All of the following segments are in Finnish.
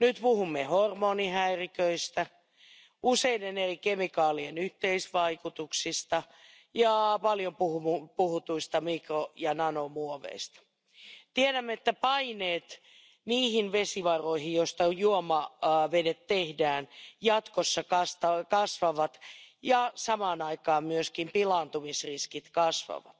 nyt puhumme hormonihäiriköistä useiden eri kemikaalien yhteisvaikutuksista ja paljon puhutuista mikro ja nanomuoveista. tiedämme että paineet niihin vesivaroihin joista juomavedet tehdään jatkossa kasvavat ja samaan aikaan myöskin pilaantumisriskit kasvavat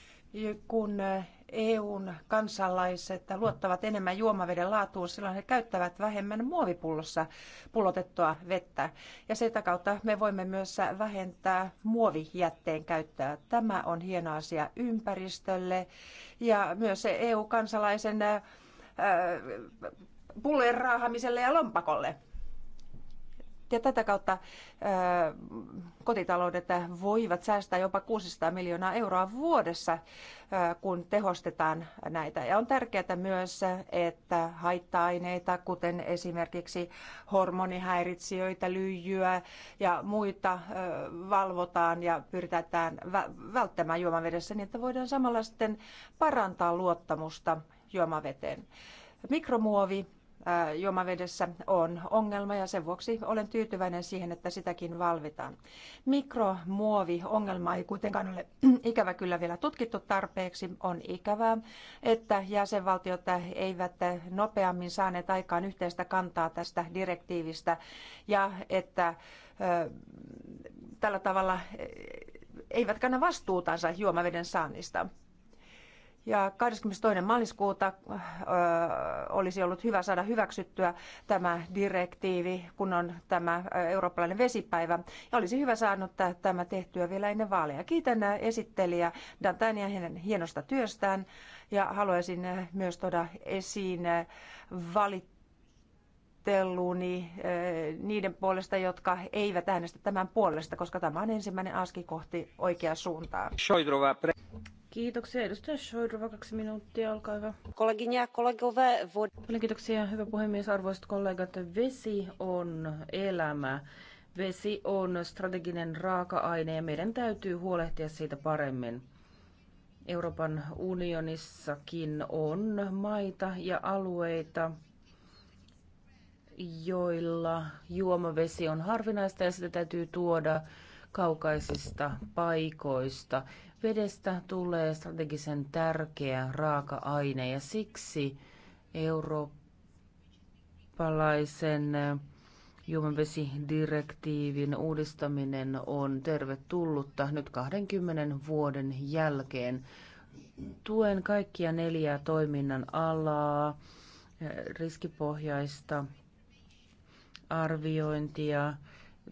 kun EUn kansalaiset luottavat enemmän juomaveden laatuun, silloin he käyttävät vähemmän muovipullossa pullotettua vettä. Ja sitä kautta me voimme myös vähentää muovijätteen käyttöä. Tämä on hieno asia ympäristölle ja myös EU-kansalaisen pullojen raahaamiselle ja lompakolle. Ja tätä kautta kotitaloudet voivat säästää jopa 600 miljoonaa euroa vuodessa, kun tehostetaan näitä. Ja on tärkeää myös, että haitta-aineita, kuten esimerkiksi hormonihäiritsijöitä, lyijyä ja muita valvotaan ja pyritään välttämään juomavedessä niin, että voidaan samalla sitten parantaa luottamusta juomaveteen. Mikromuovi juomavedessä on ongelma ja sen vuoksi olen tyytyväinen siihen, että sitäkin valvitaan. Mikromuoviongelma ei kuitenkaan ole ikävä kyllä vielä tutkittu tarpeeksi. On ikävää, että jäsenvaltiot eivät nopeammin saaneet aikaan yhteistä kantaa tästä direktiivistä ja että tällä tavalla eivät kanna vastuutansa juomaveden saannista. Ja 22. maaliskuuta ö, äh, olisi ollut hyvä saada hyväksyttyä tämä direktiivi, kun on tämä äh, eurooppalainen vesipäivä. Ja olisi hyvä saanut tämä tehtyä vielä ennen vaaleja. Kiitän äh, esittelijä Dantania hänen hienosta työstään ja haluaisin myös tuoda esiin valitteluni niiden puolesta, jotka eivät äänestä tämän puolesta, koska tämä on ensimmäinen aski kohti oikeaa suuntaa. Kiitoksia. Edustaja Shoidrova, kaksi minuuttia, olkaa hyvä. Kollegin ja kollegove. Paljon kiitoksia, hyvä puhemies, arvoisat kollegat. Vesi on elämä. Vesi on strateginen raaka-aine ja meidän täytyy huolehtia siitä paremmin. Euroopan unionissakin on maita ja alueita, joilla juomavesi on harvinaista ja sitä täytyy tuoda kaukaisista paikoista. Vedestä tulee strategisen tärkeä raaka-aine ja siksi eurooppalaisen juomavesidirektiivin uudistaminen on tervetullutta nyt 20 vuoden jälkeen. Tuen kaikkia neljää toiminnan alaa, riskipohjaista arviointia,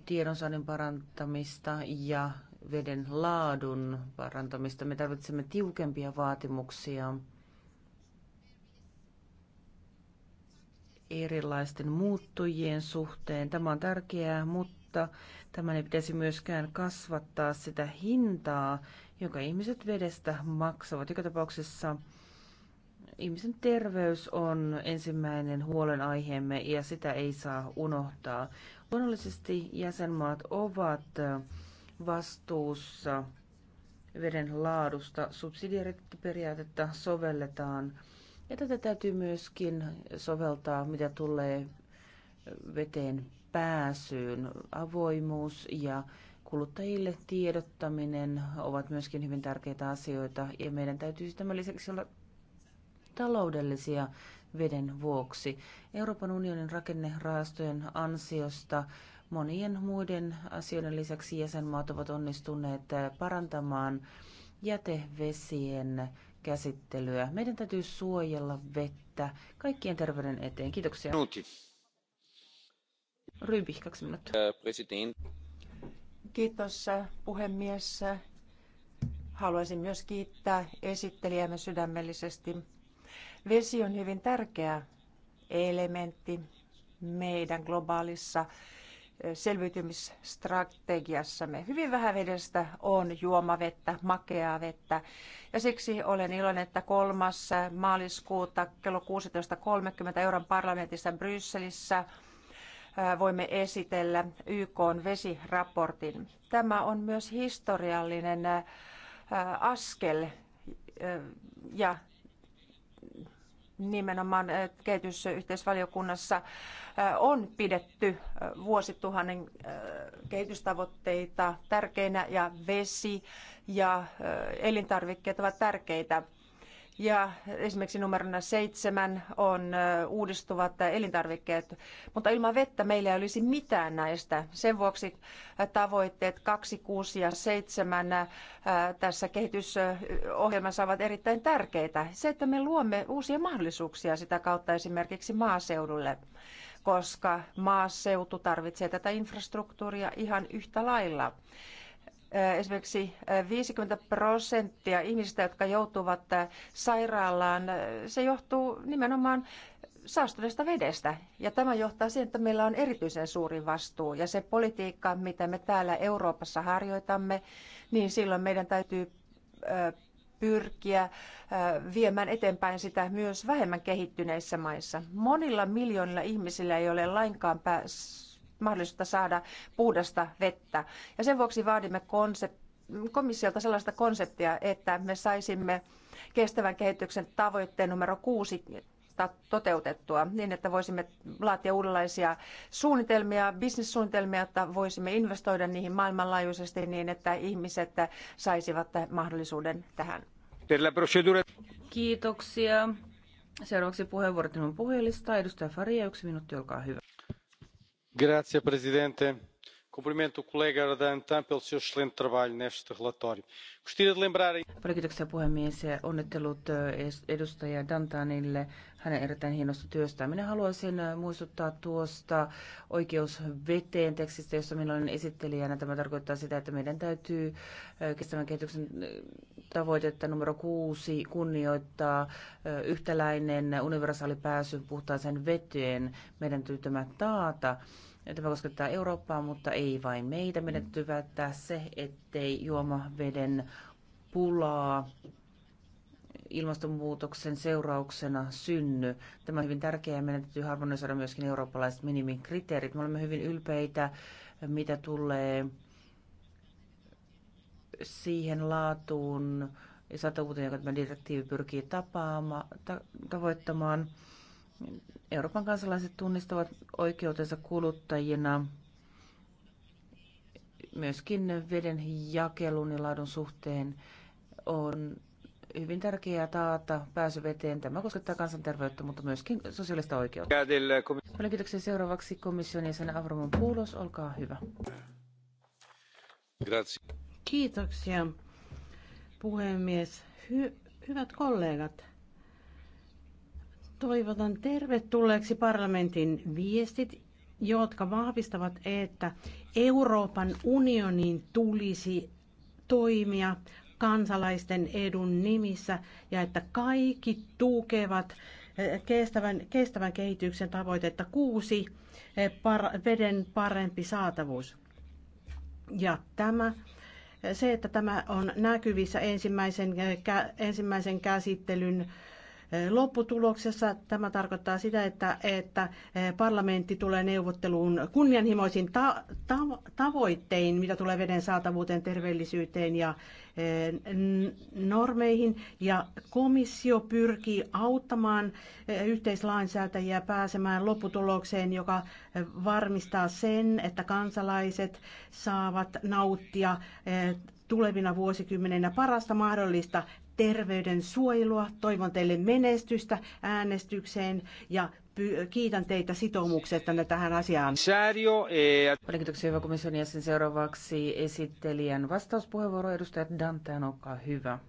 tiedonsaannin parantamista ja veden laadun parantamista. Me tarvitsemme tiukempia vaatimuksia erilaisten muuttujien suhteen. Tämä on tärkeää, mutta tämän ei pitäisi myöskään kasvattaa sitä hintaa, jonka ihmiset vedestä maksavat. Joka tapauksessa ihmisen terveys on ensimmäinen huolenaiheemme ja sitä ei saa unohtaa. Luonnollisesti jäsenmaat ovat vastuussa veden laadusta subsidiariteettiperiaatetta sovelletaan. Ja tätä täytyy myöskin soveltaa, mitä tulee veteen pääsyyn. Avoimuus ja kuluttajille tiedottaminen ovat myöskin hyvin tärkeitä asioita ja meidän täytyy tämän lisäksi olla taloudellisia veden vuoksi. Euroopan unionin rakennerahastojen ansiosta monien muiden asioiden lisäksi jäsenmaat ovat onnistuneet parantamaan jätevesien käsittelyä. Meidän täytyy suojella vettä kaikkien terveyden eteen. Kiitoksia. Minuutti. Ryby, kaksi minuuttia. President. Kiitos puhemies. Haluaisin myös kiittää esittelijämme sydämellisesti. Vesi on hyvin tärkeä elementti meidän globaalissa selviytymisstrategiassamme. Hyvin vähän vedestä on juomavettä, makeaa vettä. Ja siksi olen iloinen, että kolmas maaliskuuta kello 16.30 Euroopan parlamentissa Brysselissä voimme esitellä YK vesiraportin. Tämä on myös historiallinen askel ja nimenomaan eh, kehitysyhteisvaliokunnassa eh, on pidetty eh, vuosituhannen kehitystavoitteita tärkeinä ja vesi ja elintarvikkeet ovat tärkeitä ja esimerkiksi numerona seitsemän on uudistuvat elintarvikkeet, mutta ilman vettä meillä ei olisi mitään näistä. Sen vuoksi tavoitteet 2, 6 ja 7 tässä kehitysohjelmassa ovat erittäin tärkeitä. Se, että me luomme uusia mahdollisuuksia sitä kautta esimerkiksi maaseudulle koska maaseutu tarvitsee tätä infrastruktuuria ihan yhtä lailla esimerkiksi 50 prosenttia ihmisistä, jotka joutuvat sairaalaan, se johtuu nimenomaan saastuneesta vedestä. Ja tämä johtaa siihen, että meillä on erityisen suuri vastuu. Ja se politiikka, mitä me täällä Euroopassa harjoitamme, niin silloin meidän täytyy pyrkiä viemään eteenpäin sitä myös vähemmän kehittyneissä maissa. Monilla miljoonilla ihmisillä ei ole lainkaan pääs mahdollisuutta saada puhdasta vettä. Ja sen vuoksi vaadimme komissiolta sellaista konseptia, että me saisimme kestävän kehityksen tavoitteen numero kuusi toteutettua niin, että voisimme laatia uudenlaisia suunnitelmia, bisnessuunnitelmia, että voisimme investoida niihin maailmanlaajuisesti niin, että ihmiset saisivat mahdollisuuden tähän. Kiitoksia. Seuraavaksi puheenvuorot on puhujalista. Edustaja Faria, yksi minuutti, olkaa hyvä senhor presidente kumplimento kollega dantin pelo seu excelente trabalho neste relatório. gostaria de lembrar. paljon kiitoksia puhemies ja onnittelut edustaja Dantanille hänen erittäin hienosta työstään. Minä haluaisin muistuttaa tuosta oikeus veteen tekstistä, jossa minä olen esittelijänä. Tämä tarkoittaa sitä, että meidän täytyy kestävän kehityksen tavoitetta numero kuusi kunnioittaa yhtäläinen universaali pääsy puhtaaseen veteen. Meidän täytyy tämä taata. Tämä koskettaa Eurooppaa, mutta ei vain meitä. Meidän täytyy välttää se, ettei juomaveden pulaa ilmastonmuutoksen seurauksena synny. Tämä on hyvin tärkeää. Meidän täytyy harmonisoida myöskin eurooppalaiset minimikriteerit. Me olemme hyvin ylpeitä, mitä tulee siihen laatuun ja satavuuteen, joka tämä direktiivi pyrkii tapaama, ta- tavoittamaan. Niin Euroopan kansalaiset tunnistavat oikeutensa kuluttajina myöskin veden jakelun ja laadun suhteen on hyvin tärkeää taata pääsy veteen. Tämä koskettaa kansanterveyttä, mutta myöskin sosiaalista oikeutta. Paljon kiitoksia seuraavaksi komission jäsen Avromon Puulos. Olkaa hyvä. Grazie. Kiitoksia, puhemies. Hy- hyvät kollegat, Toivotan tervetulleeksi parlamentin viestit, jotka vahvistavat, että Euroopan unionin tulisi toimia kansalaisten edun nimissä ja että kaikki tukevat eh, kestävän, kestävän kehityksen tavoitetta kuusi, eh, par, veden parempi saatavuus. Ja tämä, eh, se, että tämä on näkyvissä ensimmäisen, ensimmäisen käsittelyn Eh, lopputuloksessa tämä tarkoittaa sitä, että, että eh, parlamentti tulee neuvotteluun kunnianhimoisin ta- ta- tavoittein, mitä tulee veden saatavuuteen, terveellisyyteen ja eh, normeihin. Ja komissio pyrkii auttamaan yhteislainsäätäjiä pääsemään lopputulokseen, joka varmistaa sen, että kansalaiset saavat nauttia tulevina vuosikymmeninä parasta mahdollista terveyden suojelua. Toivon teille menestystä äänestykseen ja kiitän teitä sitoumuksestanne tähän asiaan. E- Paljon kiitoksia hyvä komission jäsen. Seuraavaksi esittelijän vastauspuheenvuoro edustaja Dantean, olkaa hyvä.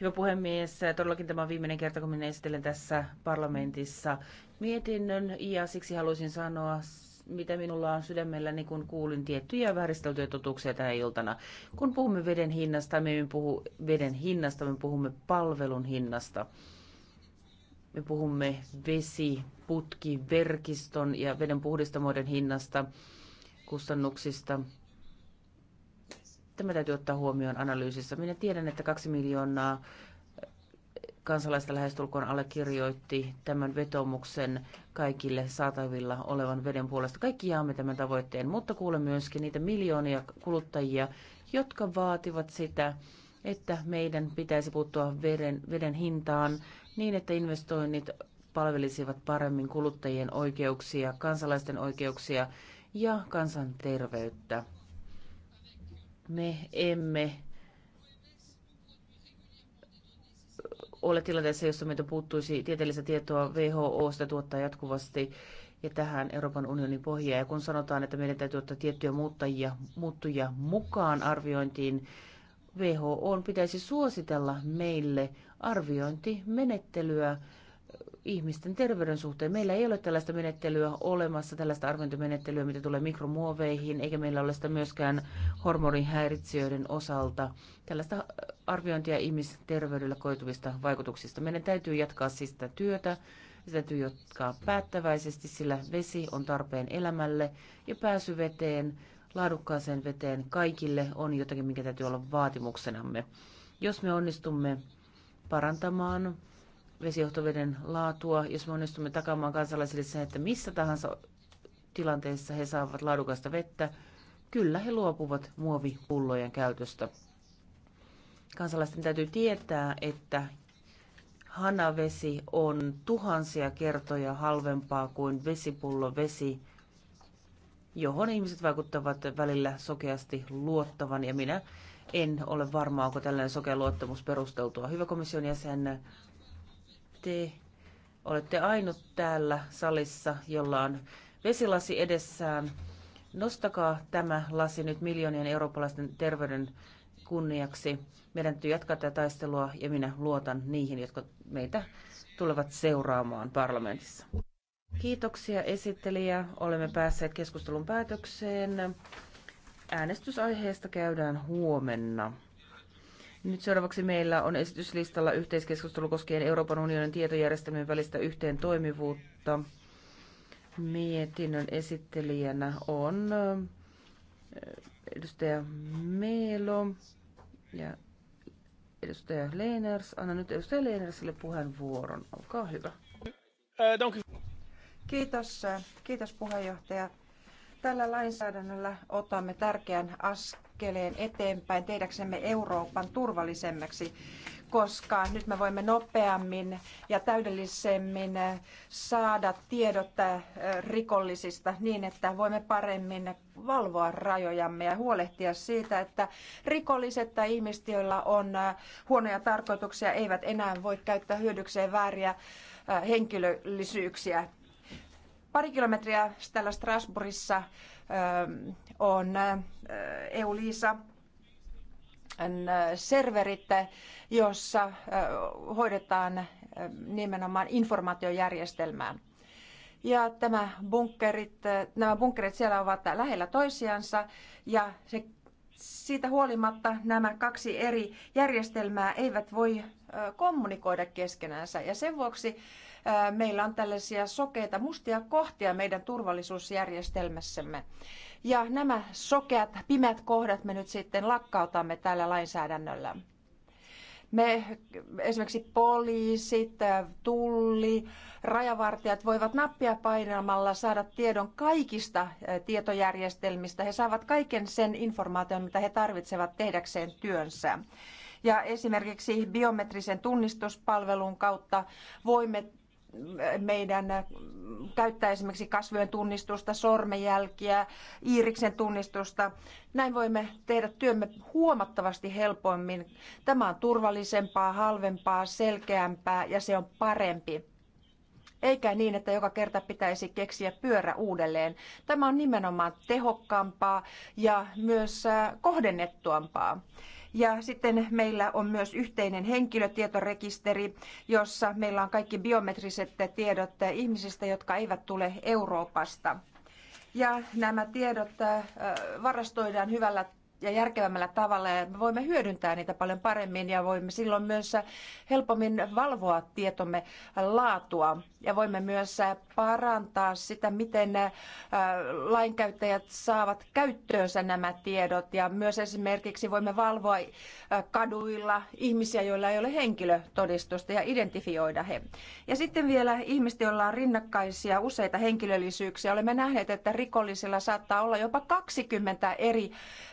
Hyvä puhemies, todellakin tämä on viimeinen kerta, kun minä esittelen tässä parlamentissa mietinnön ja siksi haluaisin sanoa mitä minulla on sydämellä, niin kun kuulin tiettyjä vääristeltyjä totuuksia tänä iltana. Kun puhumme veden hinnasta, me emme puhu veden hinnasta, me puhumme palvelun hinnasta. Me puhumme vesi, putki, verkiston ja veden puhdistamoiden hinnasta, kustannuksista. Tämä täytyy ottaa huomioon analyysissä. Minä tiedän, että kaksi miljoonaa kansalaista lähestulkoon allekirjoitti tämän vetomuksen kaikille saatavilla olevan veden puolesta. Kaikki jaamme tämän tavoitteen, mutta kuulemme myöskin niitä miljoonia kuluttajia, jotka vaativat sitä, että meidän pitäisi puuttua veden, veden hintaan niin, että investoinnit palvelisivat paremmin kuluttajien oikeuksia, kansalaisten oikeuksia ja kansanterveyttä. Me emme ole tilanteessa, jossa meitä puuttuisi tieteellistä tietoa. WHO sitä tuottaa jatkuvasti ja tähän Euroopan unionin pohjaa. Ja kun sanotaan, että meidän täytyy ottaa tiettyjä muuttajia, muuttuja mukaan arviointiin, WHO on pitäisi suositella meille arviointimenettelyä, ihmisten terveyden suhteen. Meillä ei ole tällaista menettelyä olemassa, tällaista arviointimenettelyä, mitä tulee mikromuoveihin, eikä meillä ole sitä myöskään hormonihäiritsijöiden osalta. Tällaista arviointia ihmisterveydellä koituvista vaikutuksista. Meidän täytyy jatkaa siis sitä työtä, sitä täytyy jatkaa päättäväisesti, sillä vesi on tarpeen elämälle ja pääsy veteen, laadukkaaseen veteen kaikille on jotakin, mikä täytyy olla vaatimuksenamme. Jos me onnistumme parantamaan vesijohtoveden laatua, jos me onnistumme takaamaan kansalaisille sen, että missä tahansa tilanteessa he saavat laadukasta vettä, kyllä he luopuvat muovipullojen käytöstä. Kansalaisten täytyy tietää, että hanavesi on tuhansia kertoja halvempaa kuin vesipullo vesi, johon ihmiset vaikuttavat välillä sokeasti luottavan. Ja minä en ole varma, onko tällainen sokea luottamus perusteltua. Hyvä komission jäsen, te olette ainut täällä salissa, jolla on vesilasi edessään. Nostakaa tämä lasi nyt miljoonien eurooppalaisten terveyden kunniaksi. Meidän täytyy jatkaa tätä taistelua ja minä luotan niihin, jotka meitä tulevat seuraamaan parlamentissa. Kiitoksia esittelijä. Olemme päässeet keskustelun päätökseen. Äänestysaiheesta käydään huomenna. Nyt seuraavaksi meillä on esityslistalla yhteiskeskustelu koskien Euroopan unionin tietojärjestelmien välistä yhteen toimivuutta. Mietinnön esittelijänä on äh, edustaja Meelo ja edustaja Leiners. Anna nyt edustaja Leinersille puheenvuoron. Olkaa hyvä. Kiitos, äh, kiitos puheenjohtaja. Tällä lainsäädännöllä otamme tärkeän askeleen askeleen eteenpäin tehdäksemme Euroopan turvallisemmaksi, koska nyt me voimme nopeammin ja täydellisemmin saada tiedot äh, rikollisista niin, että voimme paremmin valvoa rajojamme ja huolehtia siitä, että rikolliset tai ihmiset, joilla on äh, huonoja tarkoituksia, eivät enää voi käyttää hyödykseen vääriä äh, henkilöllisyyksiä pari kilometriä täällä Strasbourgissa ähm, on äh, EU-Liisa äh, serverit, jossa äh, hoidetaan nimenomaan informaatiojärjestelmää. Ja tämä bunkerit, nämä bunkerit siellä ovat lähellä toisiansa ja se, siitä huolimatta nämä kaksi eri järjestelmää eivät voi kommunikoida keskenänsä. Ja sen vuoksi meillä on tällaisia sokeita mustia kohtia meidän turvallisuusjärjestelmässämme. Ja nämä sokeat, pimeät kohdat me nyt sitten lakkautamme tällä lainsäädännöllä. Me esimerkiksi poliisit, tulli, rajavartijat voivat nappia painamalla saada tiedon kaikista tietojärjestelmistä. He saavat kaiken sen informaation, mitä he tarvitsevat tehdäkseen työnsä. Ja esimerkiksi biometrisen tunnistuspalvelun kautta voimme meidän käyttää äh, esimerkiksi kasvojen tunnistusta, sormenjälkiä, iiriksen tunnistusta. Näin voimme tehdä työmme huomattavasti helpommin. Tämä on turvallisempaa, halvempaa, selkeämpää ja se on parempi. Eikä niin, että joka kerta pitäisi keksiä pyörä uudelleen. Tämä on nimenomaan tehokkaampaa ja myös äh, kohdennettuampaa. Ja sitten meillä on myös yhteinen henkilötietorekisteri, jossa meillä on kaikki biometriset tiedot ihmisistä, jotka eivät tule Euroopasta. Ja nämä tiedot äh, varastoidaan hyvällä ja järkevämmällä tavalla ja me voimme hyödyntää niitä paljon paremmin ja voimme silloin myös helpommin valvoa tietomme laatua ja voimme myös parantaa sitä, miten äh, lainkäyttäjät saavat käyttöönsä nämä tiedot ja myös esimerkiksi voimme valvoa äh, kaduilla ihmisiä, joilla ei ole henkilötodistusta ja identifioida he. Ja sitten vielä ihmiset, joilla on rinnakkaisia useita henkilöllisyyksiä. Olemme nähneet, että rikollisilla saattaa olla jopa 20 eri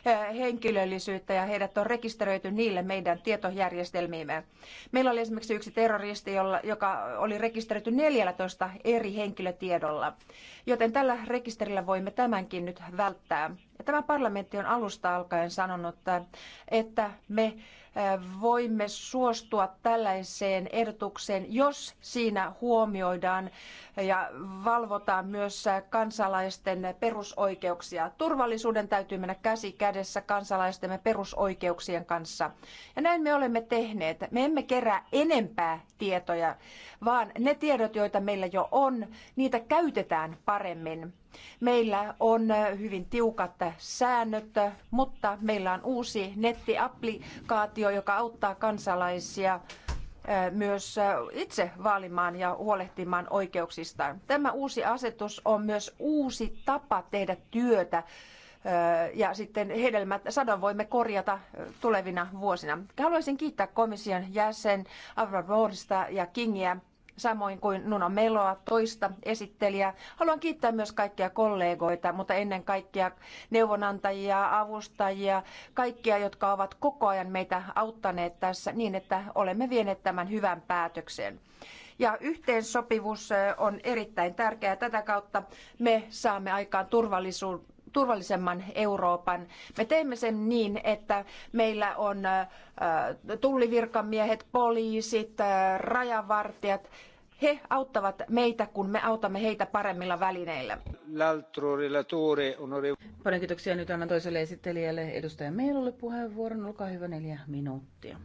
äh, henkilöllisyyttä ja heidät on rekisteröity niille meidän tietojärjestelmiimme. Meillä oli esimerkiksi yksi terroristi, jolla, joka oli rekisteröity 14 eri henkilötiedolla. Joten tällä rekisterillä voimme tämänkin nyt välttää. Ja tämä parlamentti on alusta alkaen sanonut, että me voimme suostua tällaiseen ehdotukseen, jos siinä huomioidaan ja valvotaan myös kansalaisten perusoikeuksia. Turvallisuuden täytyy mennä käsi kädessä kansalaistemme perusoikeuksien kanssa. Ja näin me olemme tehneet. Me emme kerää enempää tietoja, vaan ne tiedot, joita meillä jo on, niitä käytetään paremmin. Meillä on hyvin tiukat säännöt, mutta meillä on uusi nettiapplikaatio, valtio, joka auttaa kansalaisia myös itse vaalimaan ja huolehtimaan oikeuksistaan. Tämä uusi asetus on myös uusi tapa tehdä työtä ja sitten hedelmät sadon voimme korjata tulevina vuosina. Haluaisin kiittää komission jäsen Avra Roodista ja Kingiä samoin kuin Nuno Meloa, toista esittelijää. Haluan kiittää myös kaikkia kollegoita, mutta ennen kaikkea neuvonantajia, avustajia, kaikkia, jotka ovat koko ajan meitä auttaneet tässä niin, että olemme vieneet tämän hyvän päätöksen. Ja yhteensopivuus on erittäin tärkeää. Tätä kautta me saamme aikaan turvallisuuden turvallisemman Euroopan. Me teemme sen niin, että meillä on tullivirkamiehet, poliisit, rajavartijat. He auttavat meitä, kun me autamme heitä paremmilla välineillä. Paljon kiitoksia. Nyt annan toiselle esittelijälle, edustaja Meilolle puheenvuoron. Olkaa hyvä, neljä minuuttia.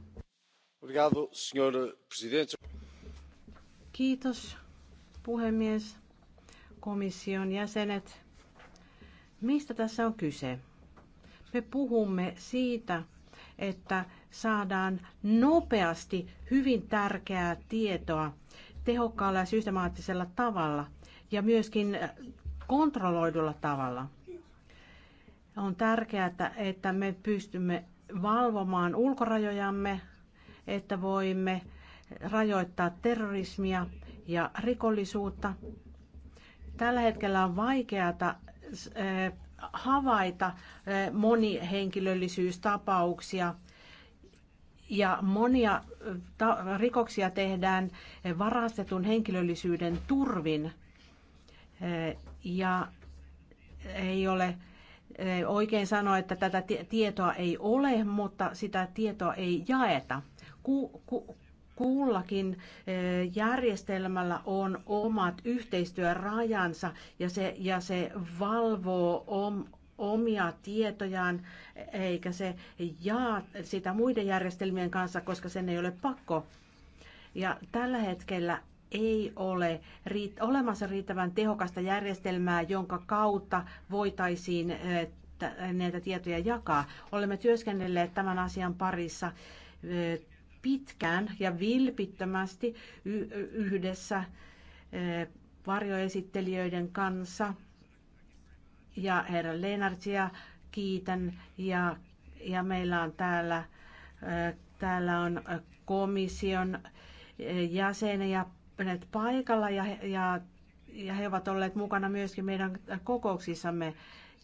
Kiitos, puhemies, komission jäsenet Mistä tässä on kyse? Me puhumme siitä, että saadaan nopeasti hyvin tärkeää tietoa tehokkaalla ja systemaattisella tavalla ja myöskin kontrolloidulla tavalla. On tärkeää, että me pystymme valvomaan ulkorajojamme, että voimme rajoittaa terrorismia ja rikollisuutta. Tällä hetkellä on vaikeata Äh, havaita äh, monihenkilöllisyystapauksia ja monia äh, rikoksia tehdään varastetun henkilöllisyyden turvin ja ei ole oikein sanoa, että tätä tietoa ei ole, mutta sitä tietoa ei jaeta. Ku, ku, kullakin eh, järjestelmällä on omat yhteistyörajansa ja se, ja se valvoo om, omia tietojaan, eikä se jaa sitä muiden järjestelmien kanssa, koska sen ei ole pakko. Ja tällä hetkellä ei ole riit- olemassa riittävän tehokasta järjestelmää, jonka kautta voitaisiin eh, näitä tietoja jakaa. Olemme työskennelleet tämän asian parissa eh, pitkään ja vilpittömästi yhdessä eh, varjoesittelijöiden kanssa. Ja herra Lennartsia kiitän ja, ja meillä on täällä, eh, täällä on eh, komission jäseniä paikalla ja, ja, ja he ovat olleet mukana myöskin meidän kokouksissamme.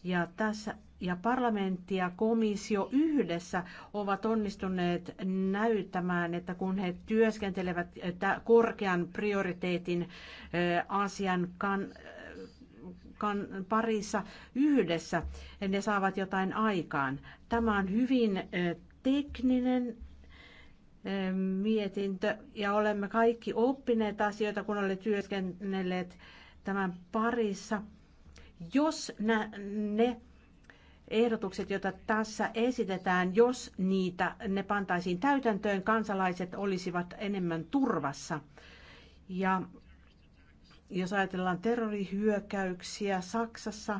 Ja tässä ja parlamentti ja komissio yhdessä ovat onnistuneet näyttämään, että kun he työskentelevät korkean prioriteetin asian kan, kan, parissa yhdessä, ne saavat jotain aikaan. Tämä on hyvin tekninen mietintö ja olemme kaikki oppineet asioita, kun olemme työskennelleet tämän parissa. Jos ne ehdotukset, joita tässä esitetään, jos niitä, ne pantaisiin täytäntöön, kansalaiset olisivat enemmän turvassa. Ja jos ajatellaan terrorihyökkäyksiä Saksassa,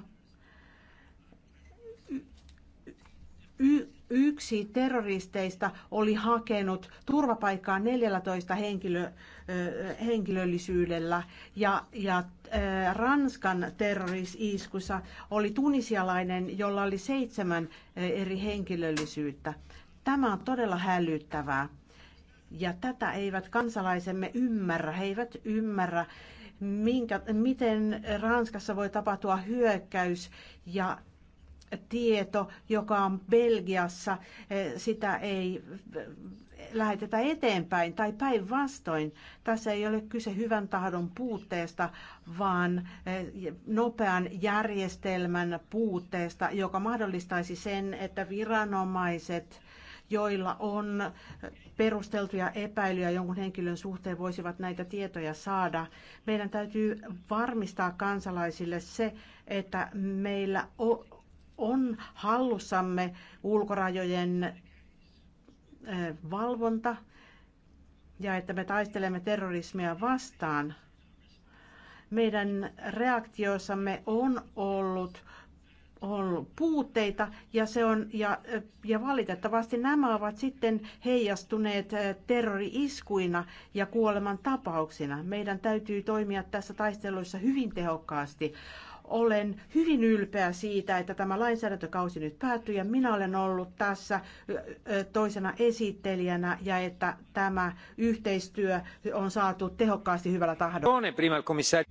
y- yksi terroristeista oli hakenut turvapaikkaa 14 henkilö, henkilöllisyydellä ja, ja Ranskan terrorisiskussa oli tunisialainen, jolla oli seitsemän eri henkilöllisyyttä. Tämä on todella hälyttävää. Ja tätä eivät kansalaisemme ymmärrä. He eivät ymmärrä, minkä, miten Ranskassa voi tapahtua hyökkäys ja tieto, joka on Belgiassa, eh, sitä ei eh, lähetetä eteenpäin tai päinvastoin. Tässä ei ole kyse hyvän tahdon puutteesta, vaan eh, nopean järjestelmän puutteesta, joka mahdollistaisi sen, että viranomaiset joilla on perusteltuja epäilyjä jonkun henkilön suhteen, voisivat näitä tietoja saada. Meidän täytyy varmistaa kansalaisille se, että meillä on hallussamme ulkorajojen eh, valvonta ja että me taistelemme terrorismia vastaan. Meidän reaktioissamme on ollut ollut puutteita ja, se on, ja, ja valitettavasti nämä ovat sitten heijastuneet eh, terrori-iskuina ja kuoleman tapauksina. Meidän täytyy toimia tässä taisteluissa hyvin tehokkaasti. Olen hyvin ylpeä siitä, että tämä lainsäädäntökausi nyt päättyy ja minä olen ollut tässä toisena esittelijänä ja että tämä yhteistyö on saatu tehokkaasti hyvällä tahdolla.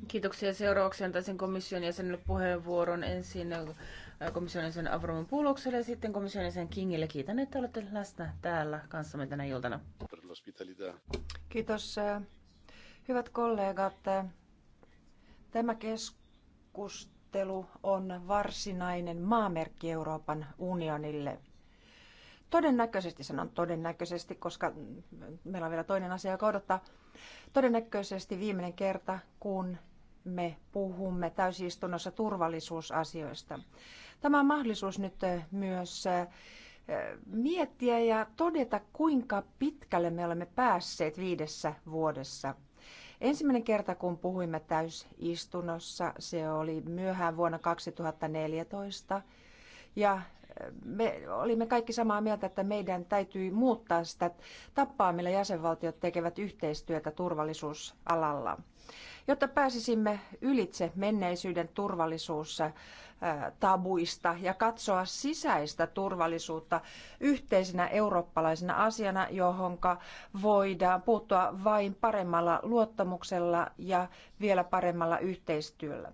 Kiitoksia. Seuraavaksi antaisin komission jäsenelle puheenvuoron ensin komission jäsen Avromon Pulokselle ja sitten komission jäsen Kingille. Kiitän, että olette läsnä täällä kanssamme tänä iltana. Kiitos. Hyvät kollegat, tämä keskustelu keskustelu on varsinainen maamerkki Euroopan unionille. Todennäköisesti, sanon todennäköisesti, koska meillä on vielä toinen asia, joka odottaa. Todennäköisesti viimeinen kerta, kun me puhumme täysistunnossa turvallisuusasioista. Tämä on mahdollisuus nyt myös äh, miettiä ja todeta, kuinka pitkälle me olemme päässeet viidessä vuodessa – Ensimmäinen kerta, kun puhuimme täysistunnossa, se oli myöhään vuonna 2014. Ja me olimme kaikki samaa mieltä, että meidän täytyy muuttaa sitä tapaa, millä jäsenvaltiot tekevät yhteistyötä turvallisuusalalla. Jotta pääsisimme ylitse menneisyyden turvallisuussa tabuista ja katsoa sisäistä turvallisuutta yhteisenä eurooppalaisena asiana, johon voidaan puuttua vain paremmalla luottamuksella ja vielä paremmalla yhteistyöllä.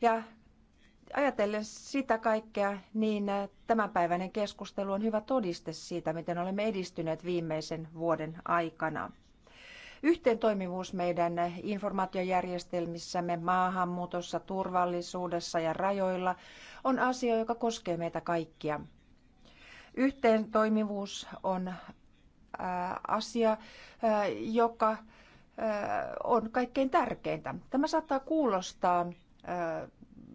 Ja ajatellen sitä kaikkea, niin tämänpäiväinen keskustelu on hyvä todiste siitä, miten olemme edistyneet viimeisen vuoden aikana yhteentoimivuus meidän informaatiojärjestelmissämme, maahanmuutossa, turvallisuudessa ja rajoilla on asia, joka koskee meitä kaikkia. Yhteentoimivuus on äh, asia, äh, joka äh, on kaikkein tärkeintä. Tämä saattaa kuulostaa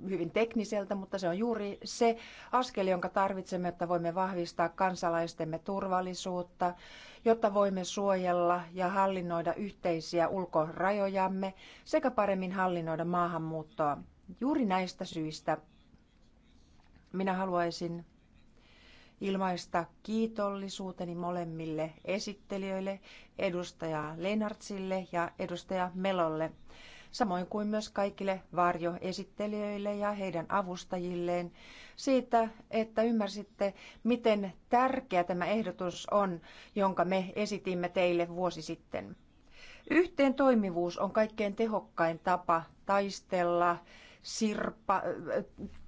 hyvin tekniseltä, mutta se on juuri se askel, jonka tarvitsemme, että voimme vahvistaa kansalaistemme turvallisuutta, jotta voimme suojella ja hallinnoida yhteisiä ulkorajojamme sekä paremmin hallinnoida maahanmuuttoa. Juuri näistä syistä minä haluaisin ilmaista kiitollisuuteni molemmille esittelijöille, edustaja Leinartsille ja edustaja Melolle samoin kuin myös kaikille varjoesittelijöille ja heidän avustajilleen siitä, että ymmärsitte, miten tärkeä tämä ehdotus on, jonka me esitimme teille vuosi sitten. Yhteen toimivuus on kaikkein tehokkain tapa taistella sirpa,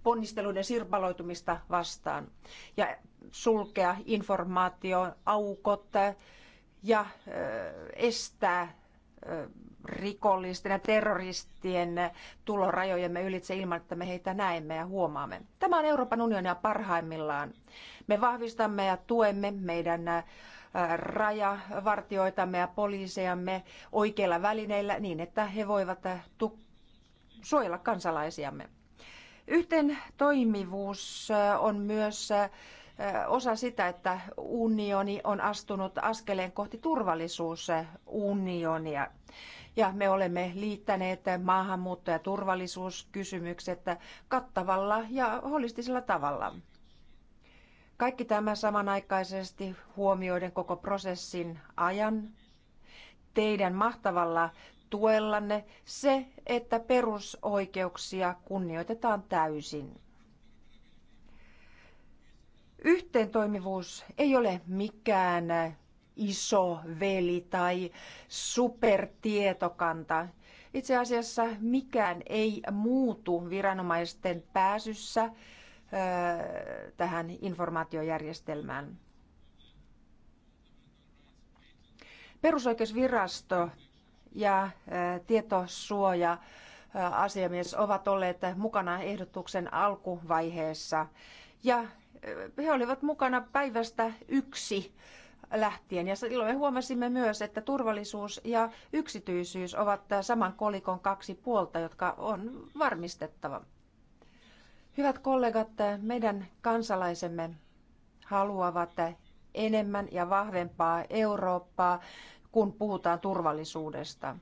ponnisteluiden sirpaloitumista vastaan ja sulkea informaatioaukot ja estää rikollisten ja terroristien tulorajojemme ylitse ilman, että me heitä näemme ja huomaamme. Tämä on Euroopan unionia parhaimmillaan. Me vahvistamme ja tuemme meidän äh, rajavartioitamme ja poliisejamme oikeilla välineillä niin, että he voivat äh, tu- suojella kansalaisiamme. Yhteen toimivuus äh, on myös osa sitä, että unioni on astunut askeleen kohti turvallisuusunionia ja me olemme liittäneet maahanmuutto- ja turvallisuuskysymykset kattavalla ja holistisella tavalla. Kaikki tämä samanaikaisesti huomioiden koko prosessin ajan, teidän mahtavalla tuellanne se, että perusoikeuksia kunnioitetaan täysin. Yhteentoimivuus ei ole mikään iso veli tai supertietokanta. Itse asiassa mikään ei muutu viranomaisten pääsyssä tähän informaatiojärjestelmään. Perusoikeusvirasto ja tietosuoja asiamies ovat olleet mukana ehdotuksen alkuvaiheessa ja he olivat mukana päivästä yksi lähtien. Ja silloin me huomasimme myös, että turvallisuus ja yksityisyys ovat saman kolikon kaksi puolta, jotka on varmistettava. Hyvät kollegat, meidän kansalaisemme haluavat enemmän ja vahvempaa Eurooppaa, kun puhutaan turvallisuudesta.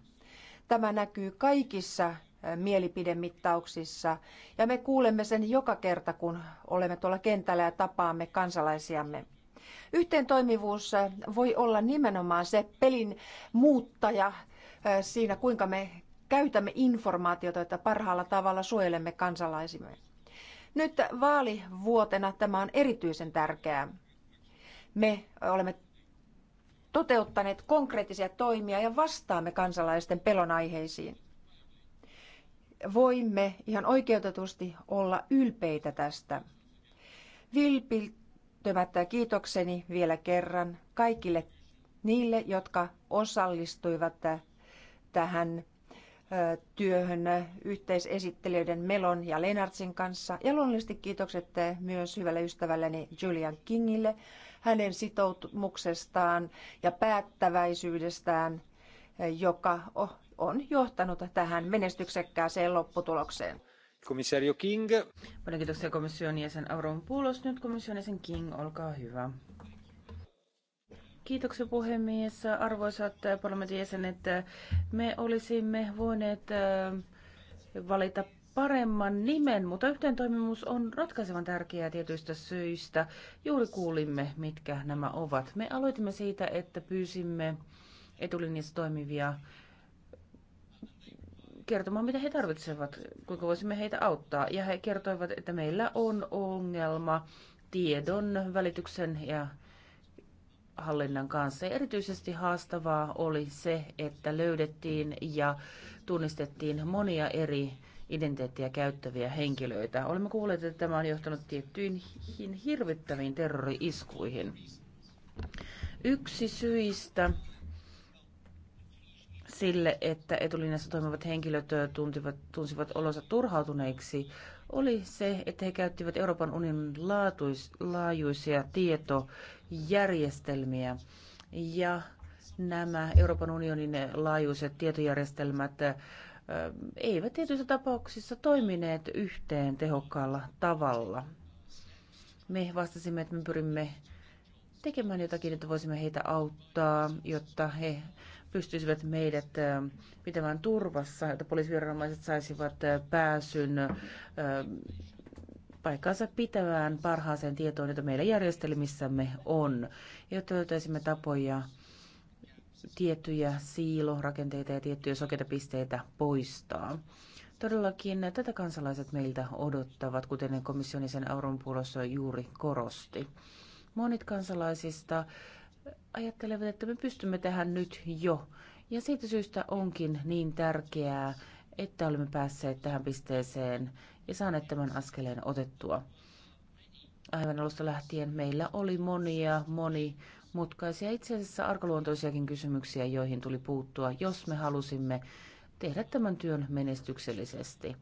Tämä näkyy kaikissa mielipidemittauksissa ja me kuulemme sen joka kerta, kun olemme tuolla kentällä ja tapaamme kansalaisiamme. Yhteen toimivuus äh, voi olla nimenomaan se pelin muuttaja äh, siinä, kuinka me käytämme informaatiota, että parhaalla tavalla suojelemme kansalaisimme. Nyt vaalivuotena tämä on erityisen tärkeää. Me olemme toteuttaneet konkreettisia toimia ja vastaamme kansalaisten pelon aiheisiin. Voimme ihan oikeutetusti olla ylpeitä tästä. Vilpit lämpimät kiitokseni vielä kerran kaikille niille, jotka osallistuivat tähän työhön yhteisesittelijöiden Melon ja Lenartsin kanssa. Ja luonnollisesti kiitokset myös hyvälle ystävälleni Julian Kingille hänen sitoutumuksestaan ja päättäväisyydestään, joka on johtanut tähän menestyksekkääseen lopputulokseen. Komissario King. Paljon kiitoksia komission jäsen Auron Pulos. Nyt komission jäsen King, olkaa hyvä. Kiitoksia puhemies. Arvoisat parlamentin jäsenet, me olisimme voineet äh, valita paremman nimen, mutta toimimus on ratkaisevan tärkeää tietyistä syistä. Juuri kuulimme, mitkä nämä ovat. Me aloitimme siitä, että pyysimme etulinjassa toimivia kertomaan, mitä he tarvitsevat, kuinka voisimme heitä auttaa. Ja he kertoivat, että meillä on ongelma tiedon välityksen ja hallinnan kanssa. Ja erityisesti haastavaa oli se, että löydettiin ja tunnistettiin monia eri identiteettiä käyttäviä henkilöitä. Olemme kuulleet, että tämä on johtanut tiettyihin hirvittäviin terrori-iskuihin. Yksi syistä sille, että etulinjassa toimivat henkilöt tuntivat, tunsivat olonsa turhautuneiksi, oli se, että he käyttivät Euroopan unionin laatuis, laajuisia tietojärjestelmiä. Ja nämä Euroopan unionin laajuiset tietojärjestelmät eivät tietyissä tapauksissa toimineet yhteen tehokkaalla tavalla. Me vastasimme, että me pyrimme tekemään jotakin, että voisimme heitä auttaa, jotta he pystyisivät meidät pitämään turvassa, että poliisiviranomaiset saisivat pääsyn paikkansa pitävään parhaaseen tietoon, jota meillä järjestelmissämme on, jotta löytäisimme tapoja tiettyjä siilorakenteita ja tiettyjä sokeita pisteitä poistaa. Todellakin tätä kansalaiset meiltä odottavat, kuten komissionisen sen Auron juuri korosti. Monet kansalaisista ajattelevat, että me pystymme tähän nyt jo. Ja siitä syystä onkin niin tärkeää, että olemme päässeet tähän pisteeseen ja saaneet tämän askeleen otettua. Aivan alusta lähtien meillä oli monia, moni mutkaisia, itse asiassa arkaluontoisiakin kysymyksiä, joihin tuli puuttua, jos me halusimme tehdä tämän työn menestyksellisesti.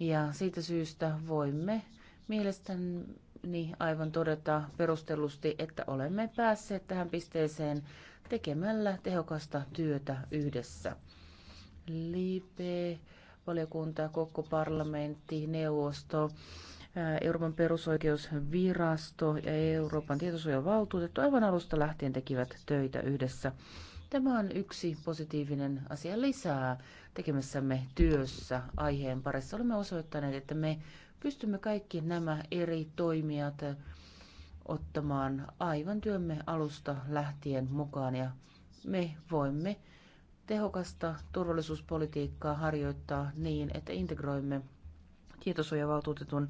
Ja siitä syystä voimme mielestäni niin aivan todeta perustellusti, että olemme päässeet tähän pisteeseen tekemällä tehokasta työtä yhdessä. Liipe, valiokunta, koko parlamentti, neuvosto, Euroopan perusoikeusvirasto ja Euroopan tietosuojavaltuutettu aivan alusta lähtien tekivät töitä yhdessä. Tämä on yksi positiivinen asia lisää tekemässämme työssä aiheen parissa. Olemme osoittaneet, että me pystymme kaikki nämä eri toimijat ottamaan aivan työmme alusta lähtien mukaan ja me voimme tehokasta turvallisuuspolitiikkaa harjoittaa niin, että integroimme tietosuojavaltuutetun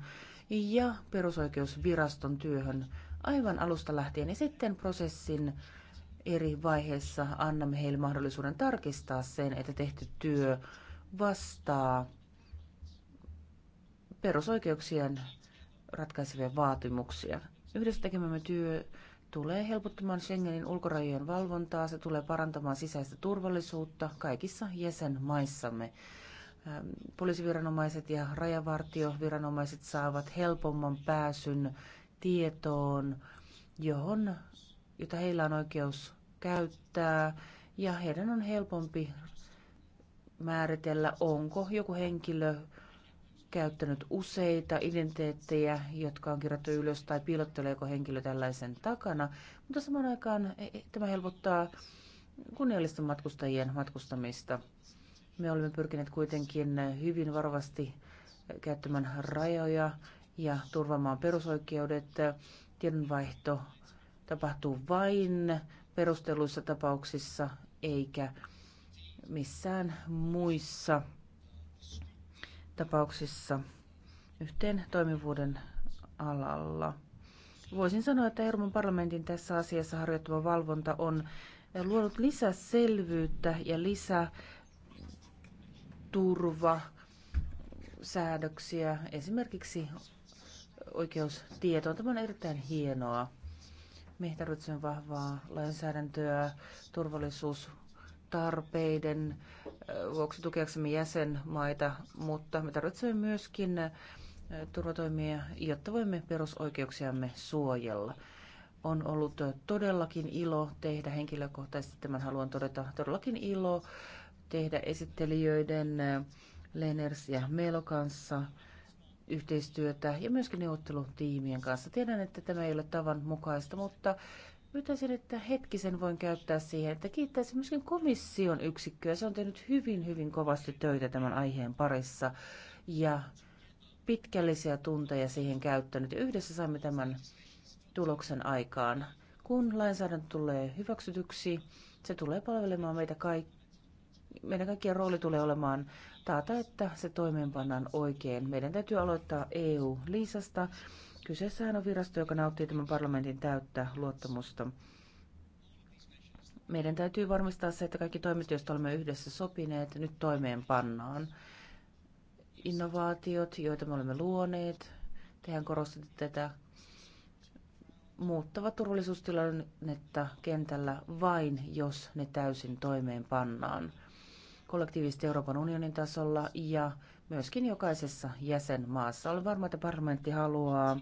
ja perusoikeusviraston työhön aivan alusta lähtien ja sitten prosessin eri vaiheissa annamme heille mahdollisuuden tarkistaa sen, että tehty työ vastaa perusoikeuksien ratkaisevia vaatimuksia. Yhdessä tekemämme työ tulee helpottamaan Schengenin ulkorajojen valvontaa, se tulee parantamaan sisäistä turvallisuutta kaikissa jäsenmaissamme. Ähm, poliisiviranomaiset ja rajavartioviranomaiset saavat helpomman pääsyn tietoon, johon, jota heillä on oikeus käyttää, ja heidän on helpompi määritellä, onko joku henkilö käyttänyt useita identiteettejä, jotka on kirjattu ylös, tai piilotteleeko henkilö tällaisen takana. Mutta samaan aikaan e, e, tämä helpottaa kunniallisten matkustajien matkustamista. Me olemme pyrkineet kuitenkin hyvin varovasti käyttämään rajoja ja turvaamaan perusoikeudet. Tiedonvaihto tapahtuu vain perusteluissa tapauksissa eikä missään muissa tapauksissa yhteen toimivuuden alalla. Voisin sanoa, että Euroopan parlamentin tässä asiassa harjoittava valvonta on luonut lisäselvyyttä ja lisäturva säädöksiä, esimerkiksi oikeustietoon. Tämä on erittäin hienoa. Me tarvitsemme vahvaa lainsäädäntöä turvallisuus tarpeiden vuoksi tukeaksemme jäsenmaita, mutta me tarvitsemme myöskin turvatoimia, jotta voimme perusoikeuksiamme suojella. On ollut todellakin ilo tehdä henkilökohtaisesti, tämän haluan todeta, todellakin ilo tehdä esittelijöiden Lenners ja Melo kanssa yhteistyötä ja myöskin neuvottelutiimien kanssa. Tiedän, että tämä ei ole tavan mukaista, mutta Pyytäisin, että hetkisen voin käyttää siihen, että kiittäisin myöskin komission yksikköä. Se on tehnyt hyvin, hyvin kovasti töitä tämän aiheen parissa ja pitkällisiä tunteja siihen käyttänyt. Yhdessä saimme tämän tuloksen aikaan. Kun lainsäädäntö tulee hyväksytyksi, se tulee palvelemaan meitä kaikkia. Meidän kaikkien rooli tulee olemaan taata, että se toimeenpannaan oikein. Meidän täytyy aloittaa EU-liisasta. Kyseessähän on virasto, joka nauttii tämän parlamentin täyttä luottamusta. Meidän täytyy varmistaa se, että kaikki toimet, joista olemme yhdessä sopineet, nyt toimeenpannaan. Innovaatiot, joita me olemme luoneet, tehän korostatte tätä, muuttavat turvallisuustilannetta kentällä vain, jos ne täysin toimeenpannaan kollektiivisesti Euroopan unionin tasolla ja myöskin jokaisessa jäsenmaassa. Olen varma, että parlamentti haluaa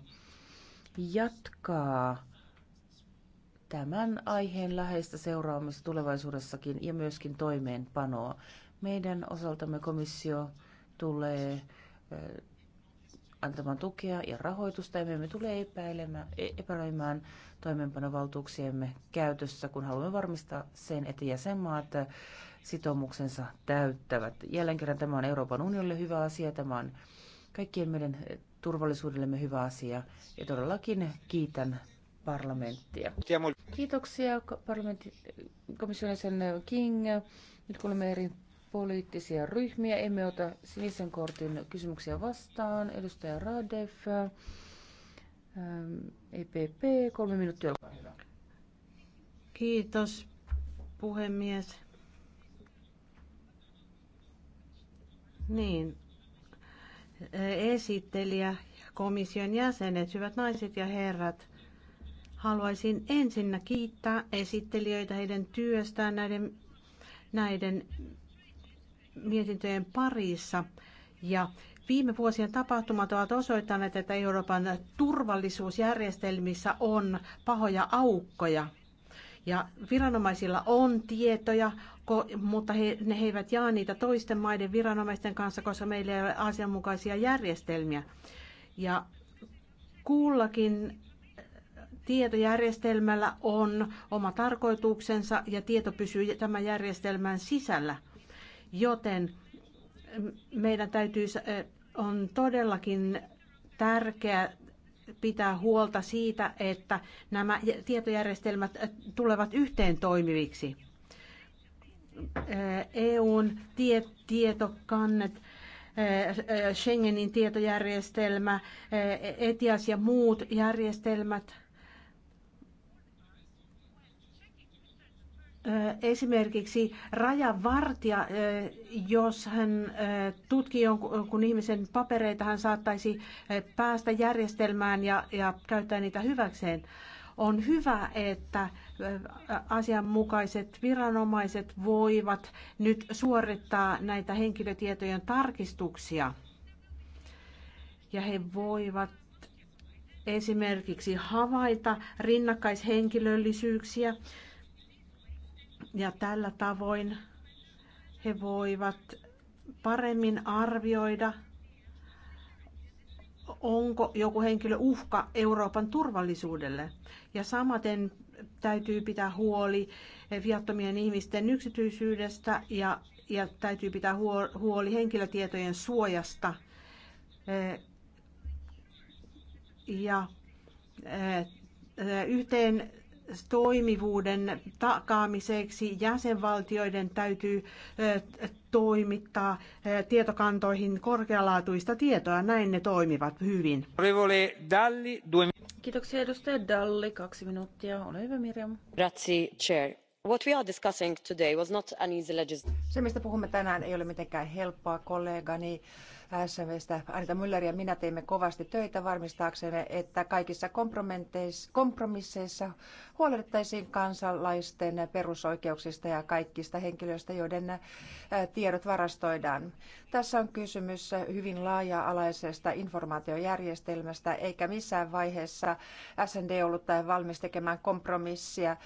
jatkaa tämän aiheen läheistä seuraamista tulevaisuudessakin ja myöskin toimeenpanoa. Meidän osaltamme komissio tulee eh, antamaan tukea ja rahoitusta, ja me emme tule e- epäröimään toimeenpanovaltuuksiemme käytössä, kun haluamme varmistaa sen, että jäsenmaat sitoumuksensa täyttävät. Jälleen kerran tämä on Euroopan unionille hyvä asia, tämä on kaikkien meidän turvallisuudellemme hyvä asia, ja todellakin kiitän parlamenttia. Kiitoksia parlamentin komission jäsen King. Nyt kuulemme eri poliittisia ryhmiä. Emme ota sinisen kortin kysymyksiä vastaan. Edustaja Radev, ähm, EPP, kolme minuuttia, olkaa hyvä. Kiitos, puhemies. Niin, esittelijä, komission jäsenet, hyvät naiset ja herrat, haluaisin ensinnä kiittää esittelijöitä heidän työstään näiden, näiden mietintöjen parissa. Ja viime vuosien tapahtumat ovat osoittaneet, että Euroopan turvallisuusjärjestelmissä on pahoja aukkoja. Ja viranomaisilla on tietoja, mutta he, ne he eivät jaa niitä toisten maiden viranomaisten kanssa, koska meillä ei ole asianmukaisia järjestelmiä. Ja kullakin tietojärjestelmällä on oma tarkoituksensa ja tieto pysyy tämän järjestelmän sisällä. Joten meidän täytyy, on todellakin tärkeää pitää huolta siitä, että nämä tietojärjestelmät tulevat yhteen toimiviksi. EUn tie, tietokannet, Schengenin tietojärjestelmä, ETIAS e ja muut järjestelmät – esimerkiksi rajavartija, jos hän tutkii jonkun ihmisen papereita, hän saattaisi päästä järjestelmään ja, ja käyttää niitä hyväkseen. On hyvä, että asianmukaiset viranomaiset voivat nyt suorittaa näitä henkilötietojen tarkistuksia. Ja he voivat esimerkiksi havaita rinnakkaishenkilöllisyyksiä ja tällä tavoin he voivat paremmin arvioida, onko joku henkilö uhka Euroopan turvallisuudelle. Ja samaten täytyy pitää huoli viattomien ihmisten yksityisyydestä ja, ja täytyy pitää huoli henkilötietojen suojasta. Ja eh, eh, yhteen toimivuuden takaamiseksi jäsenvaltioiden täytyy toimittaa tietokantoihin korkealaatuista tietoa. Näin ne toimivat hyvin. Kiitoksia edustaja Dalli. Kaksi minuuttia. Ole hyvä Mirjam. Grazie, chair. What we are discussing today was not an easy legislation. Se, mistä puhumme tänään, ei ole mitenkään helppoa kollegani. Niin SMVstä. Anita Müller ja minä teimme kovasti töitä varmistaaksemme, että kaikissa kompromisseissa huolehdittaisiin kansalaisten perusoikeuksista ja kaikista henkilöistä, joiden tiedot varastoidaan. Tässä on kysymys hyvin laaja-alaisesta informaatiojärjestelmästä, eikä missään vaiheessa SND ollut tai valmis tekemään kompromissia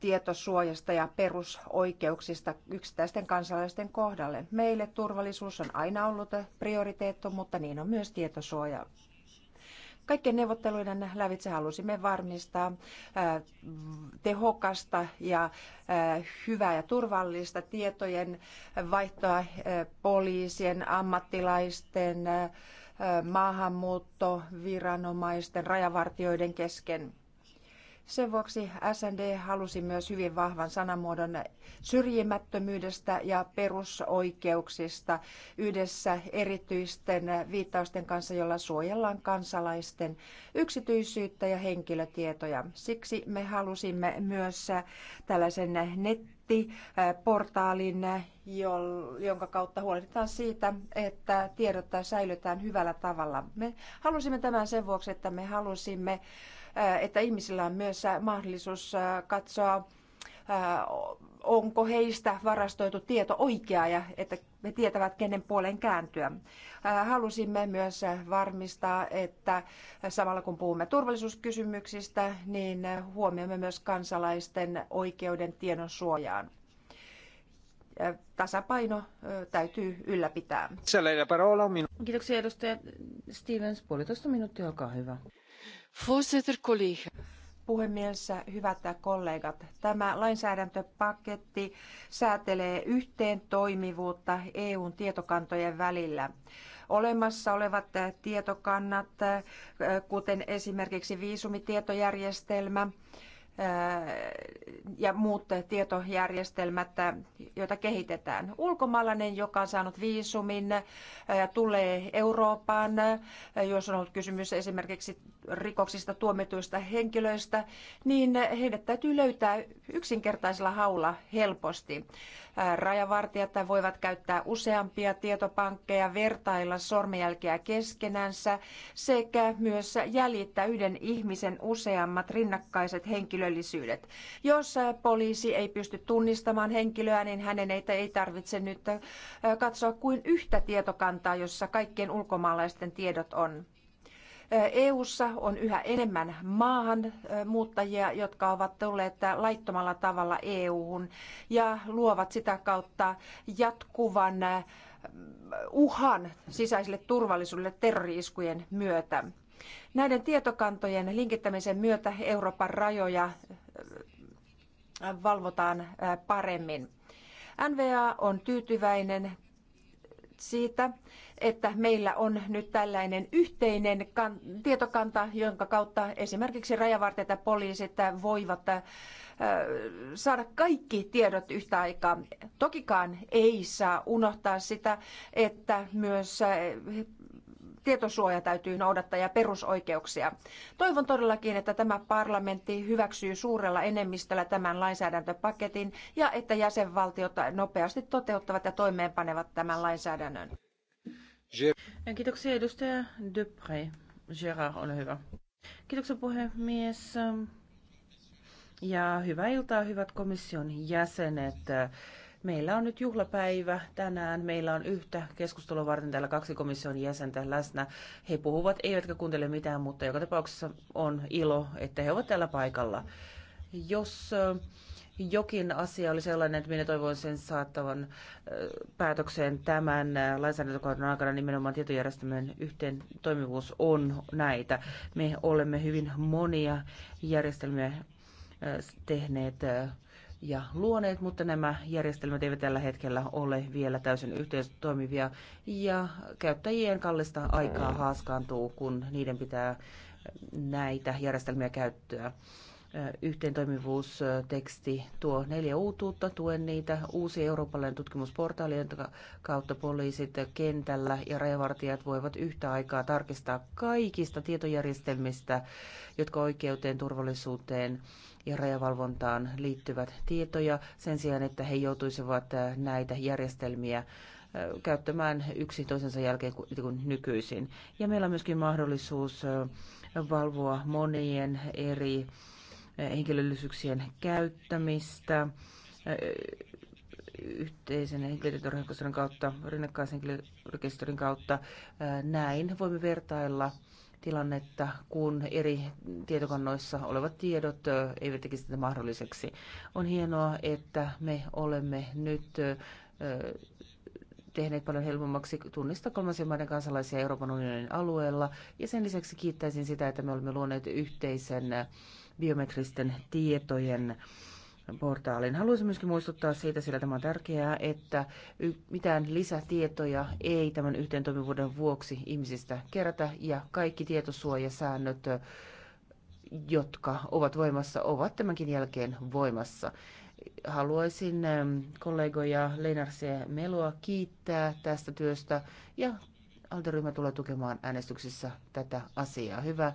tietosuojasta ja perusoikeuksista yksittäisten kansalaisten kohdalle. Meille turvallisuus on aina ollut pri- prioriteetto, mutta niin on myös tietosuoja. Kaikkien neuvotteluiden lävitse halusimme varmistaa äh, tehokasta ja äh, hyvää ja turvallista tietojen vaihtoa äh, poliisien, ammattilaisten, maahanmuuttoviranomaisten, rajavartioiden kesken. Sen vuoksi SND halusi myös hyvin vahvan sanamuodon syrjimättömyydestä ja perusoikeuksista yhdessä erityisten viittausten kanssa, jolla suojellaan kansalaisten yksityisyyttä ja henkilötietoja. Siksi me halusimme myös tällaisen nettiportaalin, jonka kautta huolehditaan siitä, että tiedot säilytään hyvällä tavalla. Me halusimme tämän sen vuoksi, että me halusimme Äh, että ihmisillä on myös äh, mahdollisuus äh, katsoa, onko heistä varastoitu tieto oikeaa ja että me tietävät, kenen puolen kääntyä. Halusimme myös varmistaa, että samalla kun puhumme turvallisuuskysymyksistä, niin huomioimme myös kansalaisten oikeuden tiedon suojaan tasapaino täytyy ylläpitää. Kiitoksia edustaja Stevens. Puolitoista minuuttia, olkaa hyvä. Voorzitter, puhemies, hyvät kollegat. Tämä lainsäädäntöpaketti säätelee yhteen toimivuutta EUn tietokantojen välillä. Olemassa olevat tietokannat, kuten esimerkiksi viisumitietojärjestelmä, ja muut tietojärjestelmät, joita kehitetään. Ulkomaalainen, joka on saanut viisumin ja tulee Eurooppaan, jos on ollut kysymys esimerkiksi rikoksista tuomituista henkilöistä, niin heidät täytyy löytää yksinkertaisella haulla helposti. Rajavartijat voivat käyttää useampia tietopankkeja, vertailla sormenjälkeä keskenänsä sekä myös jäljittää yhden ihmisen useammat rinnakkaiset henkilöllisyydet. Jos poliisi ei pysty tunnistamaan henkilöä, niin hänen ei tarvitse nyt katsoa kuin yhtä tietokantaa, jossa kaikkien ulkomaalaisten tiedot on. EU:ssa on yhä enemmän maahanmuuttajia, jotka ovat tulleet laittomalla tavalla EU:hun ja luovat sitä kautta jatkuvan äh, uhan sisäiselle turvallisuudelle terroriiskujen myötä. Näiden tietokantojen linkittämisen myötä Euroopan rajoja äh, valvotaan äh, paremmin. NVA on tyytyväinen siitä, että meillä on nyt tällainen yhteinen tietokanta, jonka kautta esimerkiksi rajavartijat ja poliisit voivat äh, saada kaikki tiedot yhtä aikaa. Tokikaan ei saa unohtaa sitä, että myös äh, tietosuoja täytyy noudattaa ja perusoikeuksia. Toivon todellakin, että tämä parlamentti hyväksyy suurella enemmistöllä tämän lainsäädäntöpaketin ja että jäsenvaltiot nopeasti toteuttavat ja toimeenpanevat tämän lainsäädännön. Kiitoksia edustaja Depre. Gerard, ole hyvä. Kiitoksia puhemies. Ja hyvää iltaa, hyvät komission jäsenet. Meillä on nyt juhlapäivä tänään. Meillä on yhtä keskustelua varten täällä kaksi komission jäsentä läsnä. He puhuvat, eivätkä kuuntele mitään, mutta joka tapauksessa on ilo, että he ovat täällä paikalla. Jos äh, jokin asia oli sellainen, että minä toivoin sen saattavan päätökseen tämän lainsäädäntökohdan aikana nimenomaan tietojärjestelmien yhteen toimivuus on näitä. Me olemme hyvin monia järjestelmiä tehneet ja luoneet, mutta nämä järjestelmät eivät tällä hetkellä ole vielä täysin yhteistoimivia ja käyttäjien kallista aikaa haaskaantuu, kun niiden pitää näitä järjestelmiä käyttöä yhteentoimivuusteksti tuo neljä uutuutta. Tuen niitä. Uusi eurooppalainen tutkimusportaali, jonka kautta poliisit kentällä ja rajavartijat voivat yhtä aikaa tarkistaa kaikista tietojärjestelmistä, jotka oikeuteen, turvallisuuteen ja rajavalvontaan liittyvät tietoja, sen sijaan, että he joutuisivat näitä järjestelmiä käyttämään yksi toisensa jälkeen niin kuin nykyisin. Ja meillä on myöskin mahdollisuus valvoa monien eri henkilöllisyyksien käyttämistä eh, yhteisen henkilötietorekisterin kautta, rinnakkaishenkilörekisterin kautta. Eh, näin voimme vertailla tilannetta, kun eri tietokannoissa olevat tiedot eh, eivät tekisi sitä mahdolliseksi. On hienoa, että me olemme nyt tehneet paljon helpommaksi tunnistaa kolmansien maiden kansalaisia Euroopan unionin alueella. Ja sen lisäksi kiittäisin sitä, että me olemme luoneet yhteisen biometristen tietojen portaalin. Haluaisin myöskin muistuttaa siitä, sillä tämä on tärkeää, että mitään lisätietoja ei tämän yhteen toimivuuden vuoksi ihmisistä kerätä ja kaikki tietosuojasäännöt, jotka ovat voimassa, ovat tämänkin jälkeen voimassa. Haluaisin kollegoja Leinars Melua kiittää tästä työstä ja Altaryhmä tulee tukemaan äänestyksessä tätä asiaa. Hyvä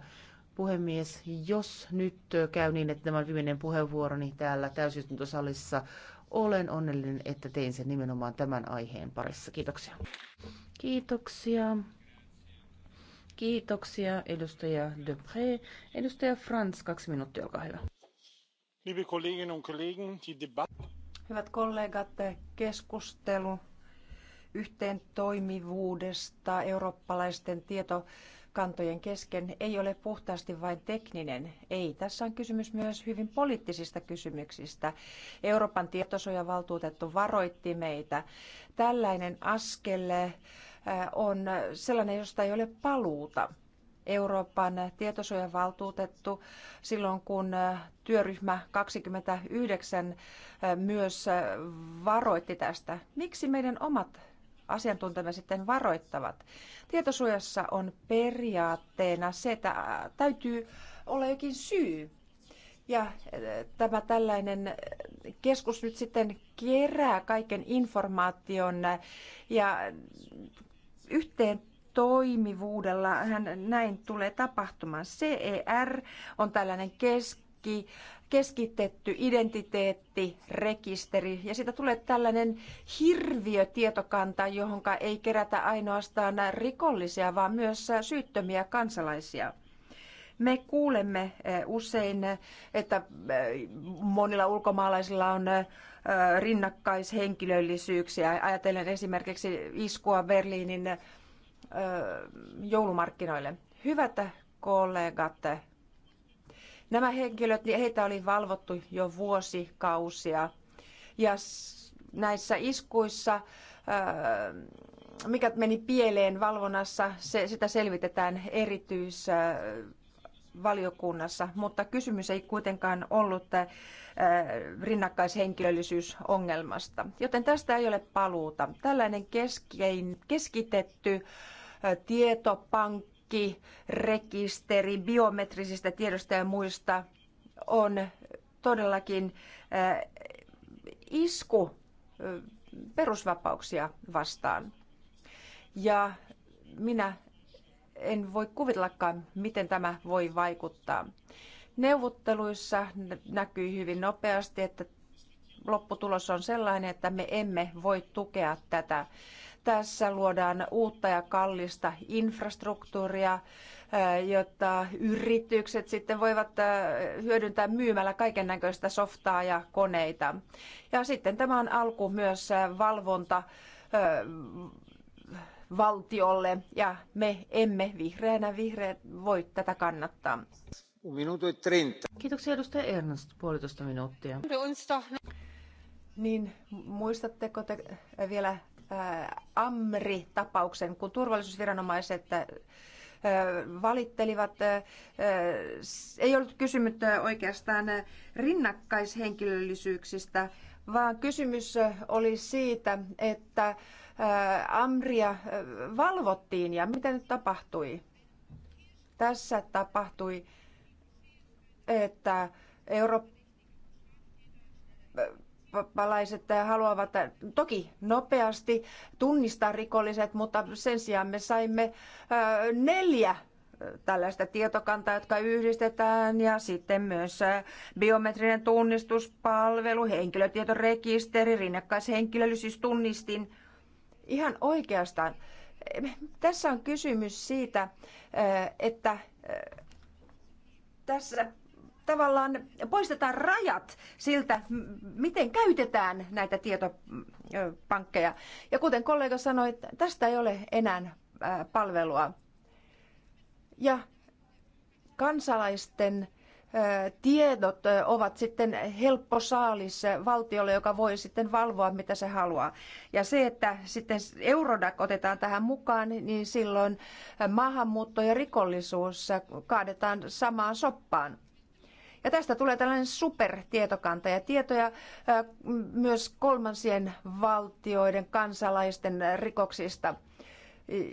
puhemies, jos nyt käy niin, että tämä on viimeinen puheenvuoroni niin täällä täysistuntosalissa, olen onnellinen, että tein sen nimenomaan tämän aiheen parissa. Kiitoksia. Kiitoksia. Kiitoksia, edustaja Depré. Edustaja Franz, kaksi minuuttia, olkaa hyvä. Hyvät kollegat, keskustelu yhteen toimivuudesta eurooppalaisten tieto kantojen kesken ei ole puhtaasti vain tekninen. Ei, tässä on kysymys myös hyvin poliittisista kysymyksistä. Euroopan tietosuojavaltuutettu varoitti meitä. Tällainen askel äh, on sellainen, josta ei ole paluuta. Euroopan tietosuojavaltuutettu silloin, kun äh, työryhmä 29 äh, myös varoitti tästä. Miksi meidän omat asiantuntijamme sitten varoittavat. Tietosuojassa on periaatteena se, että täytyy olla jokin syy. Ja tämä tällainen keskus nyt sitten kerää kaiken informaation ja yhteen toimivuudella hän näin tulee tapahtumaan. CER on tällainen kes, keski, keskitetty identiteettirekisteri ja siitä tulee tällainen hirviö tietokanta, johon ei kerätä ainoastaan rikollisia, vaan myös syyttömiä kansalaisia. Me kuulemme eh, usein, eh, että eh, monilla ulkomaalaisilla on rinnakkaishenkilöllisyyksiä. Ajatellen esimerkiksi iskua Berliinin joulumarkkinoille. Hyvät kollegat, Nämä henkilöt, niin heitä oli valvottu jo vuosikausia. Ja näissä iskuissa, äh, mikä meni pieleen valvonnassa, se, sitä selvitetään erityisvaliokunnassa. valiokunnassa, mutta kysymys ei kuitenkaan ollut äh, rinnakkaishenkilöllisyysongelmasta. Joten tästä ei ole paluuta. Tällainen keskein, keskitetty äh, tietopankki pankkirekisteri rekisteri biometrisistä tiedosta ja muista on todellakin eh, isku eh, perusvapauksia vastaan. Ja minä en voi kuvitellakaan, miten tämä voi vaikuttaa. Neuvotteluissa näkyy hyvin nopeasti, että lopputulos on sellainen, että me emme voi tukea tätä. Tässä luodaan uutta ja kallista infrastruktuuria, jotta yritykset sitten voivat hyödyntää myymällä kaiken näköistä softaa ja koneita. Ja sitten tämä on alku myös valvonta valtiolle ja me emme vihreänä vihreät voi tätä kannattaa. E Kiitoksia edustaja Ernst, puolitoista minuuttia. Niin muistatteko te vielä Amri-tapauksen, kun turvallisuusviranomaiset valittelivat. Ei ollut kysymys oikeastaan rinnakkaishenkilöllisyyksistä, vaan kysymys oli siitä, että Amria valvottiin ja mitä nyt tapahtui? Tässä tapahtui, että Eurooppa eurooppalaiset haluavat äh, toki nopeasti tunnistaa rikolliset, mutta sen sijaan me saimme äh, neljä äh, tällaista tietokantaa, jotka yhdistetään ja sitten myös biometrinen tunnistuspalvelu, henkilötietorekisteri, rinnakkaishenkilöllisyys, siis tunnistin. Ihan oikeastaan. Tässä on kysymys siitä, että tässä tavallaan poistetaan rajat siltä, miten käytetään näitä tietopankkeja. Ja kuten kollega sanoi, että tästä ei ole enää palvelua. Ja kansalaisten tiedot ovat sitten helppo saalis valtiolle, joka voi sitten valvoa, mitä se haluaa. Ja se, että sitten Eurodac otetaan tähän mukaan, niin silloin maahanmuutto ja rikollisuus kaadetaan samaan soppaan. Ja tästä tulee tällainen supertietokanta ja tietoja myös kolmansien valtioiden kansalaisten rikoksista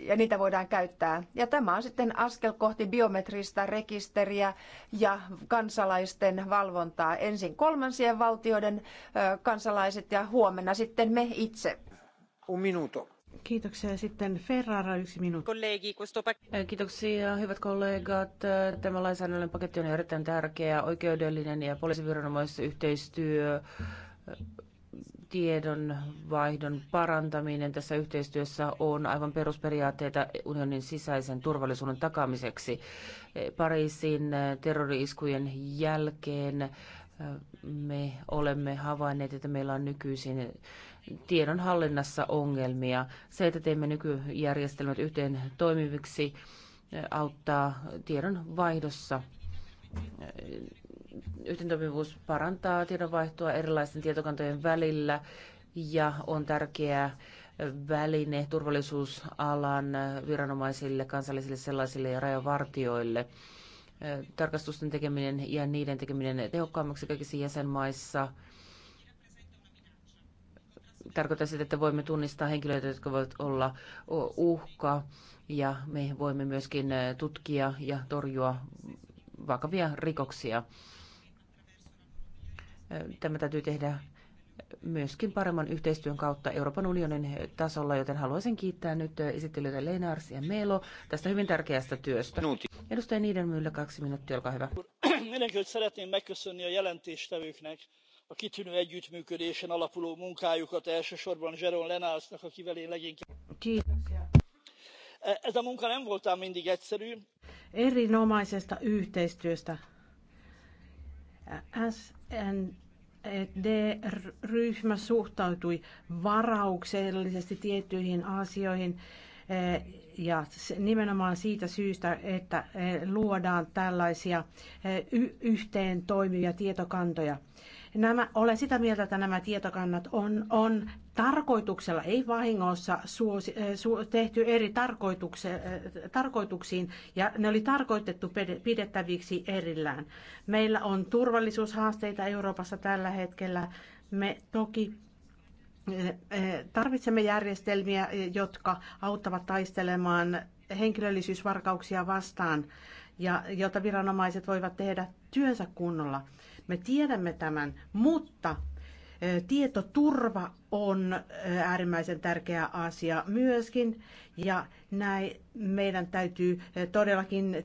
ja niitä voidaan käyttää. Ja tämä on sitten askel kohti biometristä rekisteriä ja kansalaisten valvontaa. Ensin kolmansien valtioiden kansalaiset ja huomenna sitten me itse. Un minuto. Kiitoksia. Sitten Ferrara, yksi minuutti. Kiitoksia, hyvät kollegat. Tämä lainsäädännön paketti on erittäin tärkeä. Oikeudellinen ja poliisiviranomaisyhteistyö, yhteistyö tiedonvaihdon parantaminen tässä yhteistyössä on aivan perusperiaatteita unionin sisäisen turvallisuuden takaamiseksi. Pariisin terrori-iskujen jälkeen me olemme havainneet, että meillä on nykyisin tiedon hallinnassa ongelmia. Se, että teemme nykyjärjestelmät yhteen toimiviksi, auttaa tiedon vaihdossa. toimivuus parantaa tiedonvaihtoa erilaisten tietokantojen välillä ja on tärkeää väline turvallisuusalan viranomaisille, kansallisille sellaisille ja rajavartioille. Tarkastusten tekeminen ja niiden tekeminen tehokkaammaksi kaikissa jäsenmaissa – tarkoitan sitä, että voimme tunnistaa henkilöitä, jotka voivat olla uhka ja me voimme myöskin tutkia ja torjua vakavia rikoksia. Tämä täytyy tehdä myöskin paremman yhteistyön kautta Euroopan unionin tasolla, joten haluaisin kiittää nyt esittelijöitä Leenars ja Melo tästä hyvin tärkeästä työstä. Minuutti. Edustaja Niiden Myllä, kaksi minuuttia, olkaa hyvä. Mindenkit szeretném a kitűnő együttműködésen alapuló munkájukat elsősorban jeroen lenaersnak akivel én leginkább. E, ez a munka nem ám mindig egyszerű. Erinomaisesta yhteistyöstä. SND-ryhmä suhtautui varauksellisesti tiettyihin asioihin e, ja nimenomaan siitä syystä, että e, luodaan tällaisia yhteen toimivia tietokantoja. Nämä, olen sitä mieltä, että nämä tietokannat on, on tarkoituksella, ei vahingossa, suosi, eh, su, tehty eri eh, tarkoituksiin ja ne oli tarkoitettu pidettäviksi erillään. Meillä on turvallisuushaasteita Euroopassa tällä hetkellä. Me toki eh, tarvitsemme järjestelmiä, jotka auttavat taistelemaan henkilöllisyysvarkauksia vastaan ja jota viranomaiset voivat tehdä työnsä kunnolla. Me tiedämme tämän, mutta tietoturva on äärimmäisen tärkeä asia myöskin ja näin meidän täytyy todellakin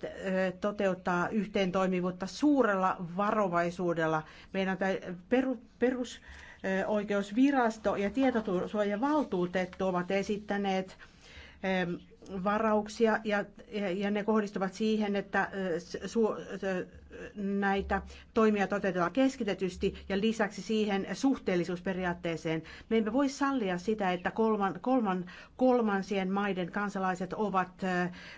toteuttaa yhteen toimivuutta suurella varovaisuudella. Meidän perusoikeusvirasto ja tietosuojavaltuutettu ovat esittäneet varauksia ja, ja ne kohdistuvat siihen, että su, näitä toimia toteutetaan keskitetysti ja lisäksi siihen suhteellisuusperiaatteeseen. Me emme voi sallia sitä, että kolman, kolman, kolmansien maiden kansalaiset ovat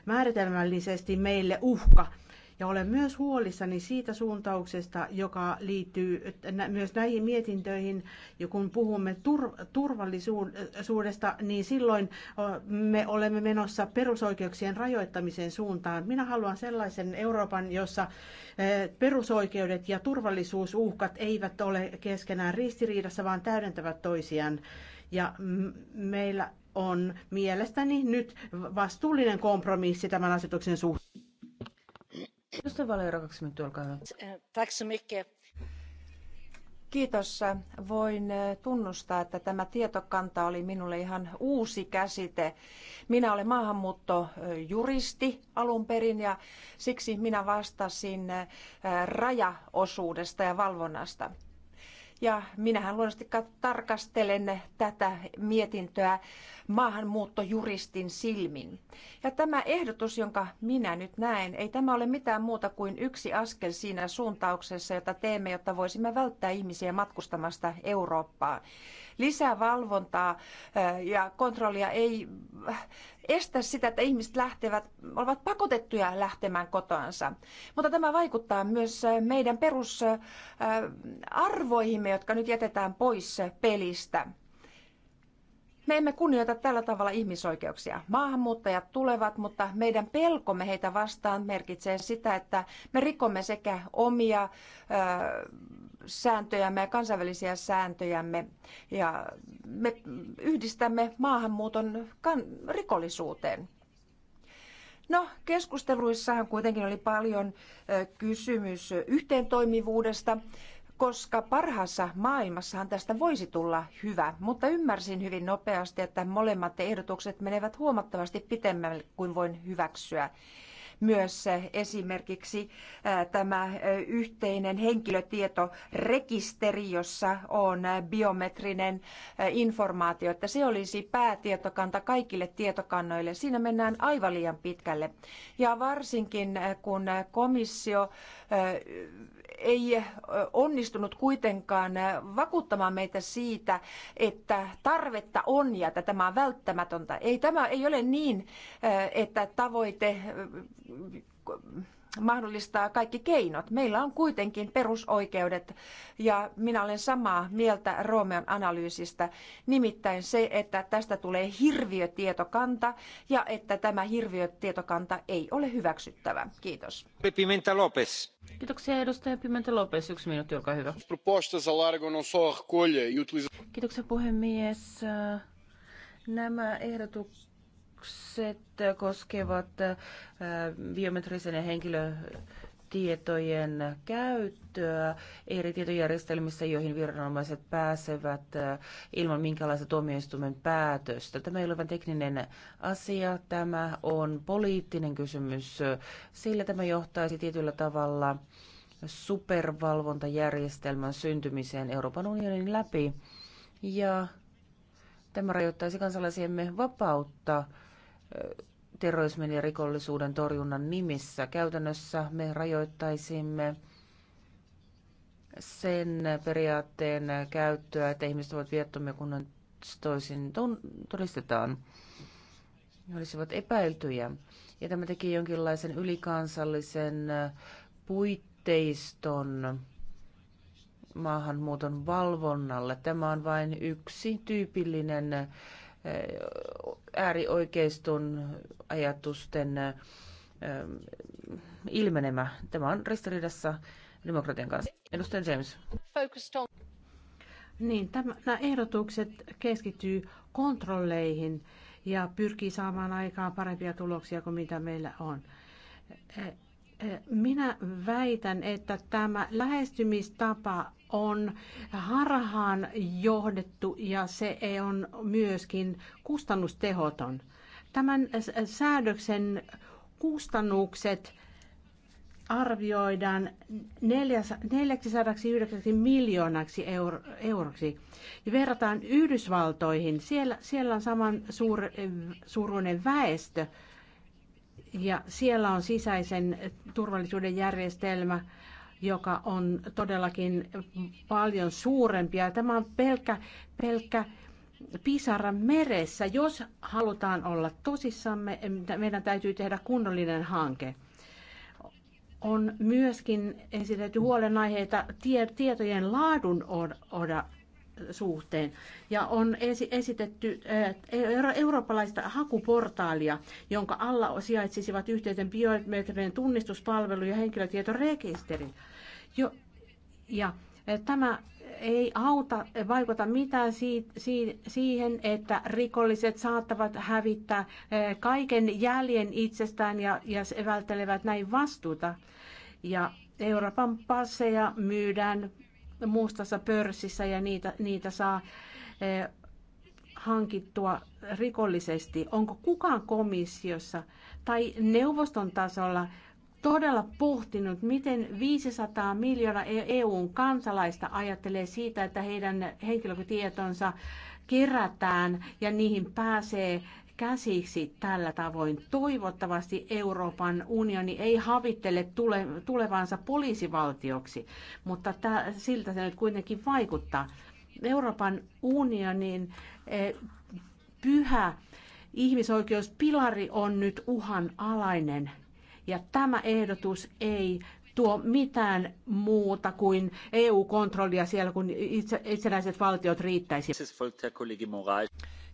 määritelmällisesti meille uhka ja olen myös huolissani siitä suuntauksesta, joka liittyy myös näihin mietintöihin. Ja kun puhumme turvallisuudesta, niin silloin me olemme menossa perusoikeuksien rajoittamisen suuntaan. Minä haluan sellaisen Euroopan, jossa perusoikeudet ja turvallisuusuhkat eivät ole keskenään ristiriidassa, vaan täydentävät toisiaan. Ja meillä on mielestäni nyt vastuullinen kompromissi tämän asetuksen suhteen arvoisa puhemies kaksi minuuttia, Kiitos. Voin eh, tunnustaa, että tämä tietokanta oli minulle ihan uusi käsite. Minä olen maahanmuuttojuristi alun perin ja siksi minä vastasin eh, rajaosuudesta ja valvonnasta. Ja minähän luonnollisesti tarkastelen tätä mietintöä maahanmuuttojuristin silmin. Ja tämä ehdotus, jonka minä nyt näen, ei tämä ole mitään muuta kuin yksi askel siinä suuntauksessa, jota teemme, jotta voisimme välttää ihmisiä matkustamasta Eurooppaan. Lisää valvontaa eh, ja kontrollia ei eh, estä sitä, että ihmiset lähtevät, ovat pakotettuja lähtemään kotoansa. Mutta tämä vaikuttaa myös eh, meidän perusarvoihimme, jotka nyt jätetään pois pelistä. Me emme kunnioita tällä tavalla ihmisoikeuksia. Maahanmuuttajat tulevat, mutta meidän pelkomme heitä vastaan merkitsee sitä, että me rikomme sekä omia ö, sääntöjämme ja kansainvälisiä sääntöjämme. Ja me yhdistämme maahanmuuton rikollisuuteen. No, keskusteluissahan kuitenkin oli paljon kysymys yhteentoimivuudesta koska parhaassa maailmassahan tästä voisi tulla hyvä, mutta ymmärsin hyvin nopeasti, että molemmat ehdotukset menevät huomattavasti pitemmälle kuin voin hyväksyä. Myös esimerkiksi tämä yhteinen henkilötietorekisteri, jossa on biometrinen informaatio, että se olisi päätietokanta kaikille tietokannoille. Siinä mennään aivan liian pitkälle. Ja varsinkin kun komissio ei onnistunut kuitenkaan vakuuttamaan meitä siitä, että tarvetta on ja että tämä on välttämätöntä. Ei tämä ei ole niin, että tavoite mahdollistaa kaikki keinot. Meillä on kuitenkin perusoikeudet ja minä olen samaa mieltä Roomean analyysistä, nimittäin se, että tästä tulee hirviötietokanta ja että tämä hirviötietokanta ei ole hyväksyttävä. Kiitos. Pimenta Lopes. Kiitoksia edustaja Pimenta Lopes. Yksi minuutti, olkaa hyvä. E Kiitoksia puhemies. Nämä ehdotukset ehdotukset koskevat äh, biometrisen ja henkilötietojen käyttöä eri tietojärjestelmissä, joihin viranomaiset pääsevät äh, ilman minkälaista tuomioistuimen päätöstä. Tämä ei ole vain tekninen asia, tämä on poliittinen kysymys, sillä tämä johtaisi tietyllä tavalla supervalvontajärjestelmän syntymiseen Euroopan unionin läpi. Ja Tämä rajoittaisi kansalaisiemme vapautta terrorismin ja rikollisuuden torjunnan nimissä. Käytännössä me rajoittaisimme sen periaatteen käyttöä, että ihmiset ovat viattomia, kun toisin todistetaan. He olisivat epäiltyjä. Ja tämä teki jonkinlaisen ylikansallisen puitteiston maahanmuuton valvonnalle. Tämä on vain yksi tyypillinen äärioikeiston ajatusten ilmenemä. Tämä on ristiriidassa demokratian kanssa. Edustaja James. Niin, tämä, nämä ehdotukset keskittyy kontrolleihin ja pyrkii saamaan aikaan parempia tuloksia kuin mitä meillä on. Minä väitän, että tämä lähestymistapa on harhaan johdettu ja se on myöskin kustannustehoton. Tämän säädöksen kustannukset arvioidaan 490 miljoonaksi euro, euroksi. Ja verrataan Yhdysvaltoihin, siellä, siellä on saman suur, suuruinen väestö ja siellä on sisäisen turvallisuuden järjestelmä – joka on todellakin paljon suurempi. Ja tämä on pelkkä, pelkkä pisara meressä. Jos halutaan olla tosissamme, meidän täytyy tehdä kunnollinen hanke. On myöskin esitetty huolenaiheita tietojen laadun oda suhteen. Ja on esitetty eh, eurooppalaista hakuportaalia, jonka alla sijaitsisivat yhteyden biometrinen tunnistuspalvelu ja henkilötietorekisteri. Jo, ja e, tämä ei auta, e, vaikuta mitään siihen, että rikolliset saattavat hävittää e, kaiken jäljen itsestään ja, ja välttelevät näin vastuuta. Ja Euroopan passeja myydään mustassa pörssissä ja niitä, niitä saa hankittua rikollisesti. Onko kukaan komissiossa tai neuvoston tasolla todella pohtinut, miten 500 miljoonaa e- EUn kansalaista ajattelee siitä, että heidän henkilötietonsa kerätään ja niihin pääsee käsiksi tällä tavoin. Toivottavasti Euroopan unioni ei havittele tule, tulevansa poliisivaltioksi, mutta tä, siltä se nyt kuitenkin vaikuttaa. Euroopan unionin eh, pyhä ihmisoikeuspilari on nyt uhanalainen. Ja tämä ehdotus ei tuo mitään muuta kuin EU-kontrollia siellä, kun itse, itsenäiset valtiot riittäisi.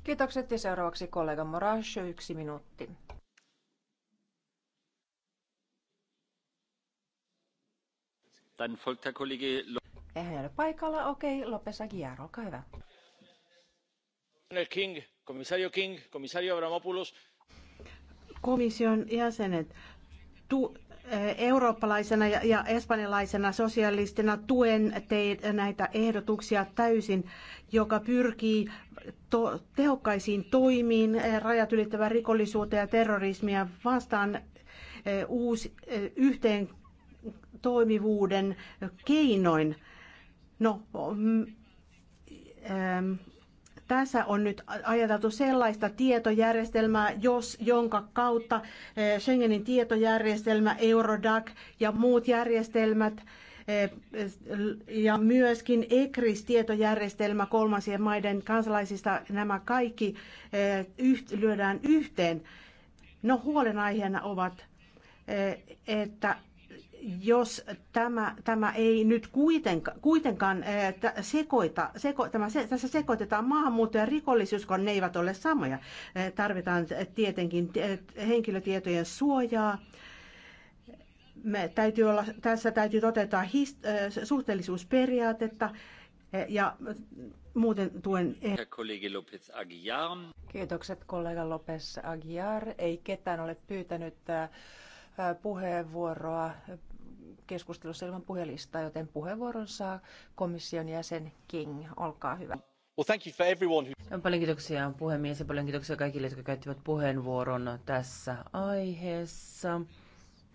Kiitokset ja seuraavaksi kollega Moraes, yksi minuutti. Eihän ole paikalla. Okei, okay, Lopes Aguiar, olkaa hyvä. King, komissario King, komissario Abramopoulos. Komission jäsenet, tu- eurooppalaisena ja, ja espanjalaisena sosialistina tuen teet näitä ehdotuksia täysin, joka pyrkii to- tehokkaisiin toimiin rajat ylittävää rikollisuutta ja terrorismia vastaan uusi, yhteen toimivuuden keinoin. No, tässä on nyt ajateltu sellaista tietojärjestelmää, jos, jonka kautta eh, Schengenin tietojärjestelmä, Eurodac ja muut järjestelmät eh, ja myöskin ECRIS-tietojärjestelmä kolmansien maiden kansalaisista, nämä kaikki eh, lyödään yhteen. No huolenaiheena ovat, että jos tämä, tämä ei nyt kuitenkaan, kuitenkaan eh, sekoita, seko, tämä, se, tässä sekoitetaan maahanmuutto ja rikollisuus, kun ne eivät ole samoja. Eh, tarvitaan tietenkin eh, henkilötietojen suojaa. Me täytyy olla, tässä täytyy toteuttaa his, suhteellisuusperiaatetta ja muuten tuen... Kiitokset kollega Lopes Aguiar. Ei ketään ole pyytänyt puheenvuoroa keskustelussa ilman puhelista, joten puheenvuoron saa komission jäsen King. Olkaa hyvä. Well, no, Paljon kiitoksia puhemies ja paljon kiitoksia kaikille, jotka käyttivät puheenvuoron tässä aiheessa.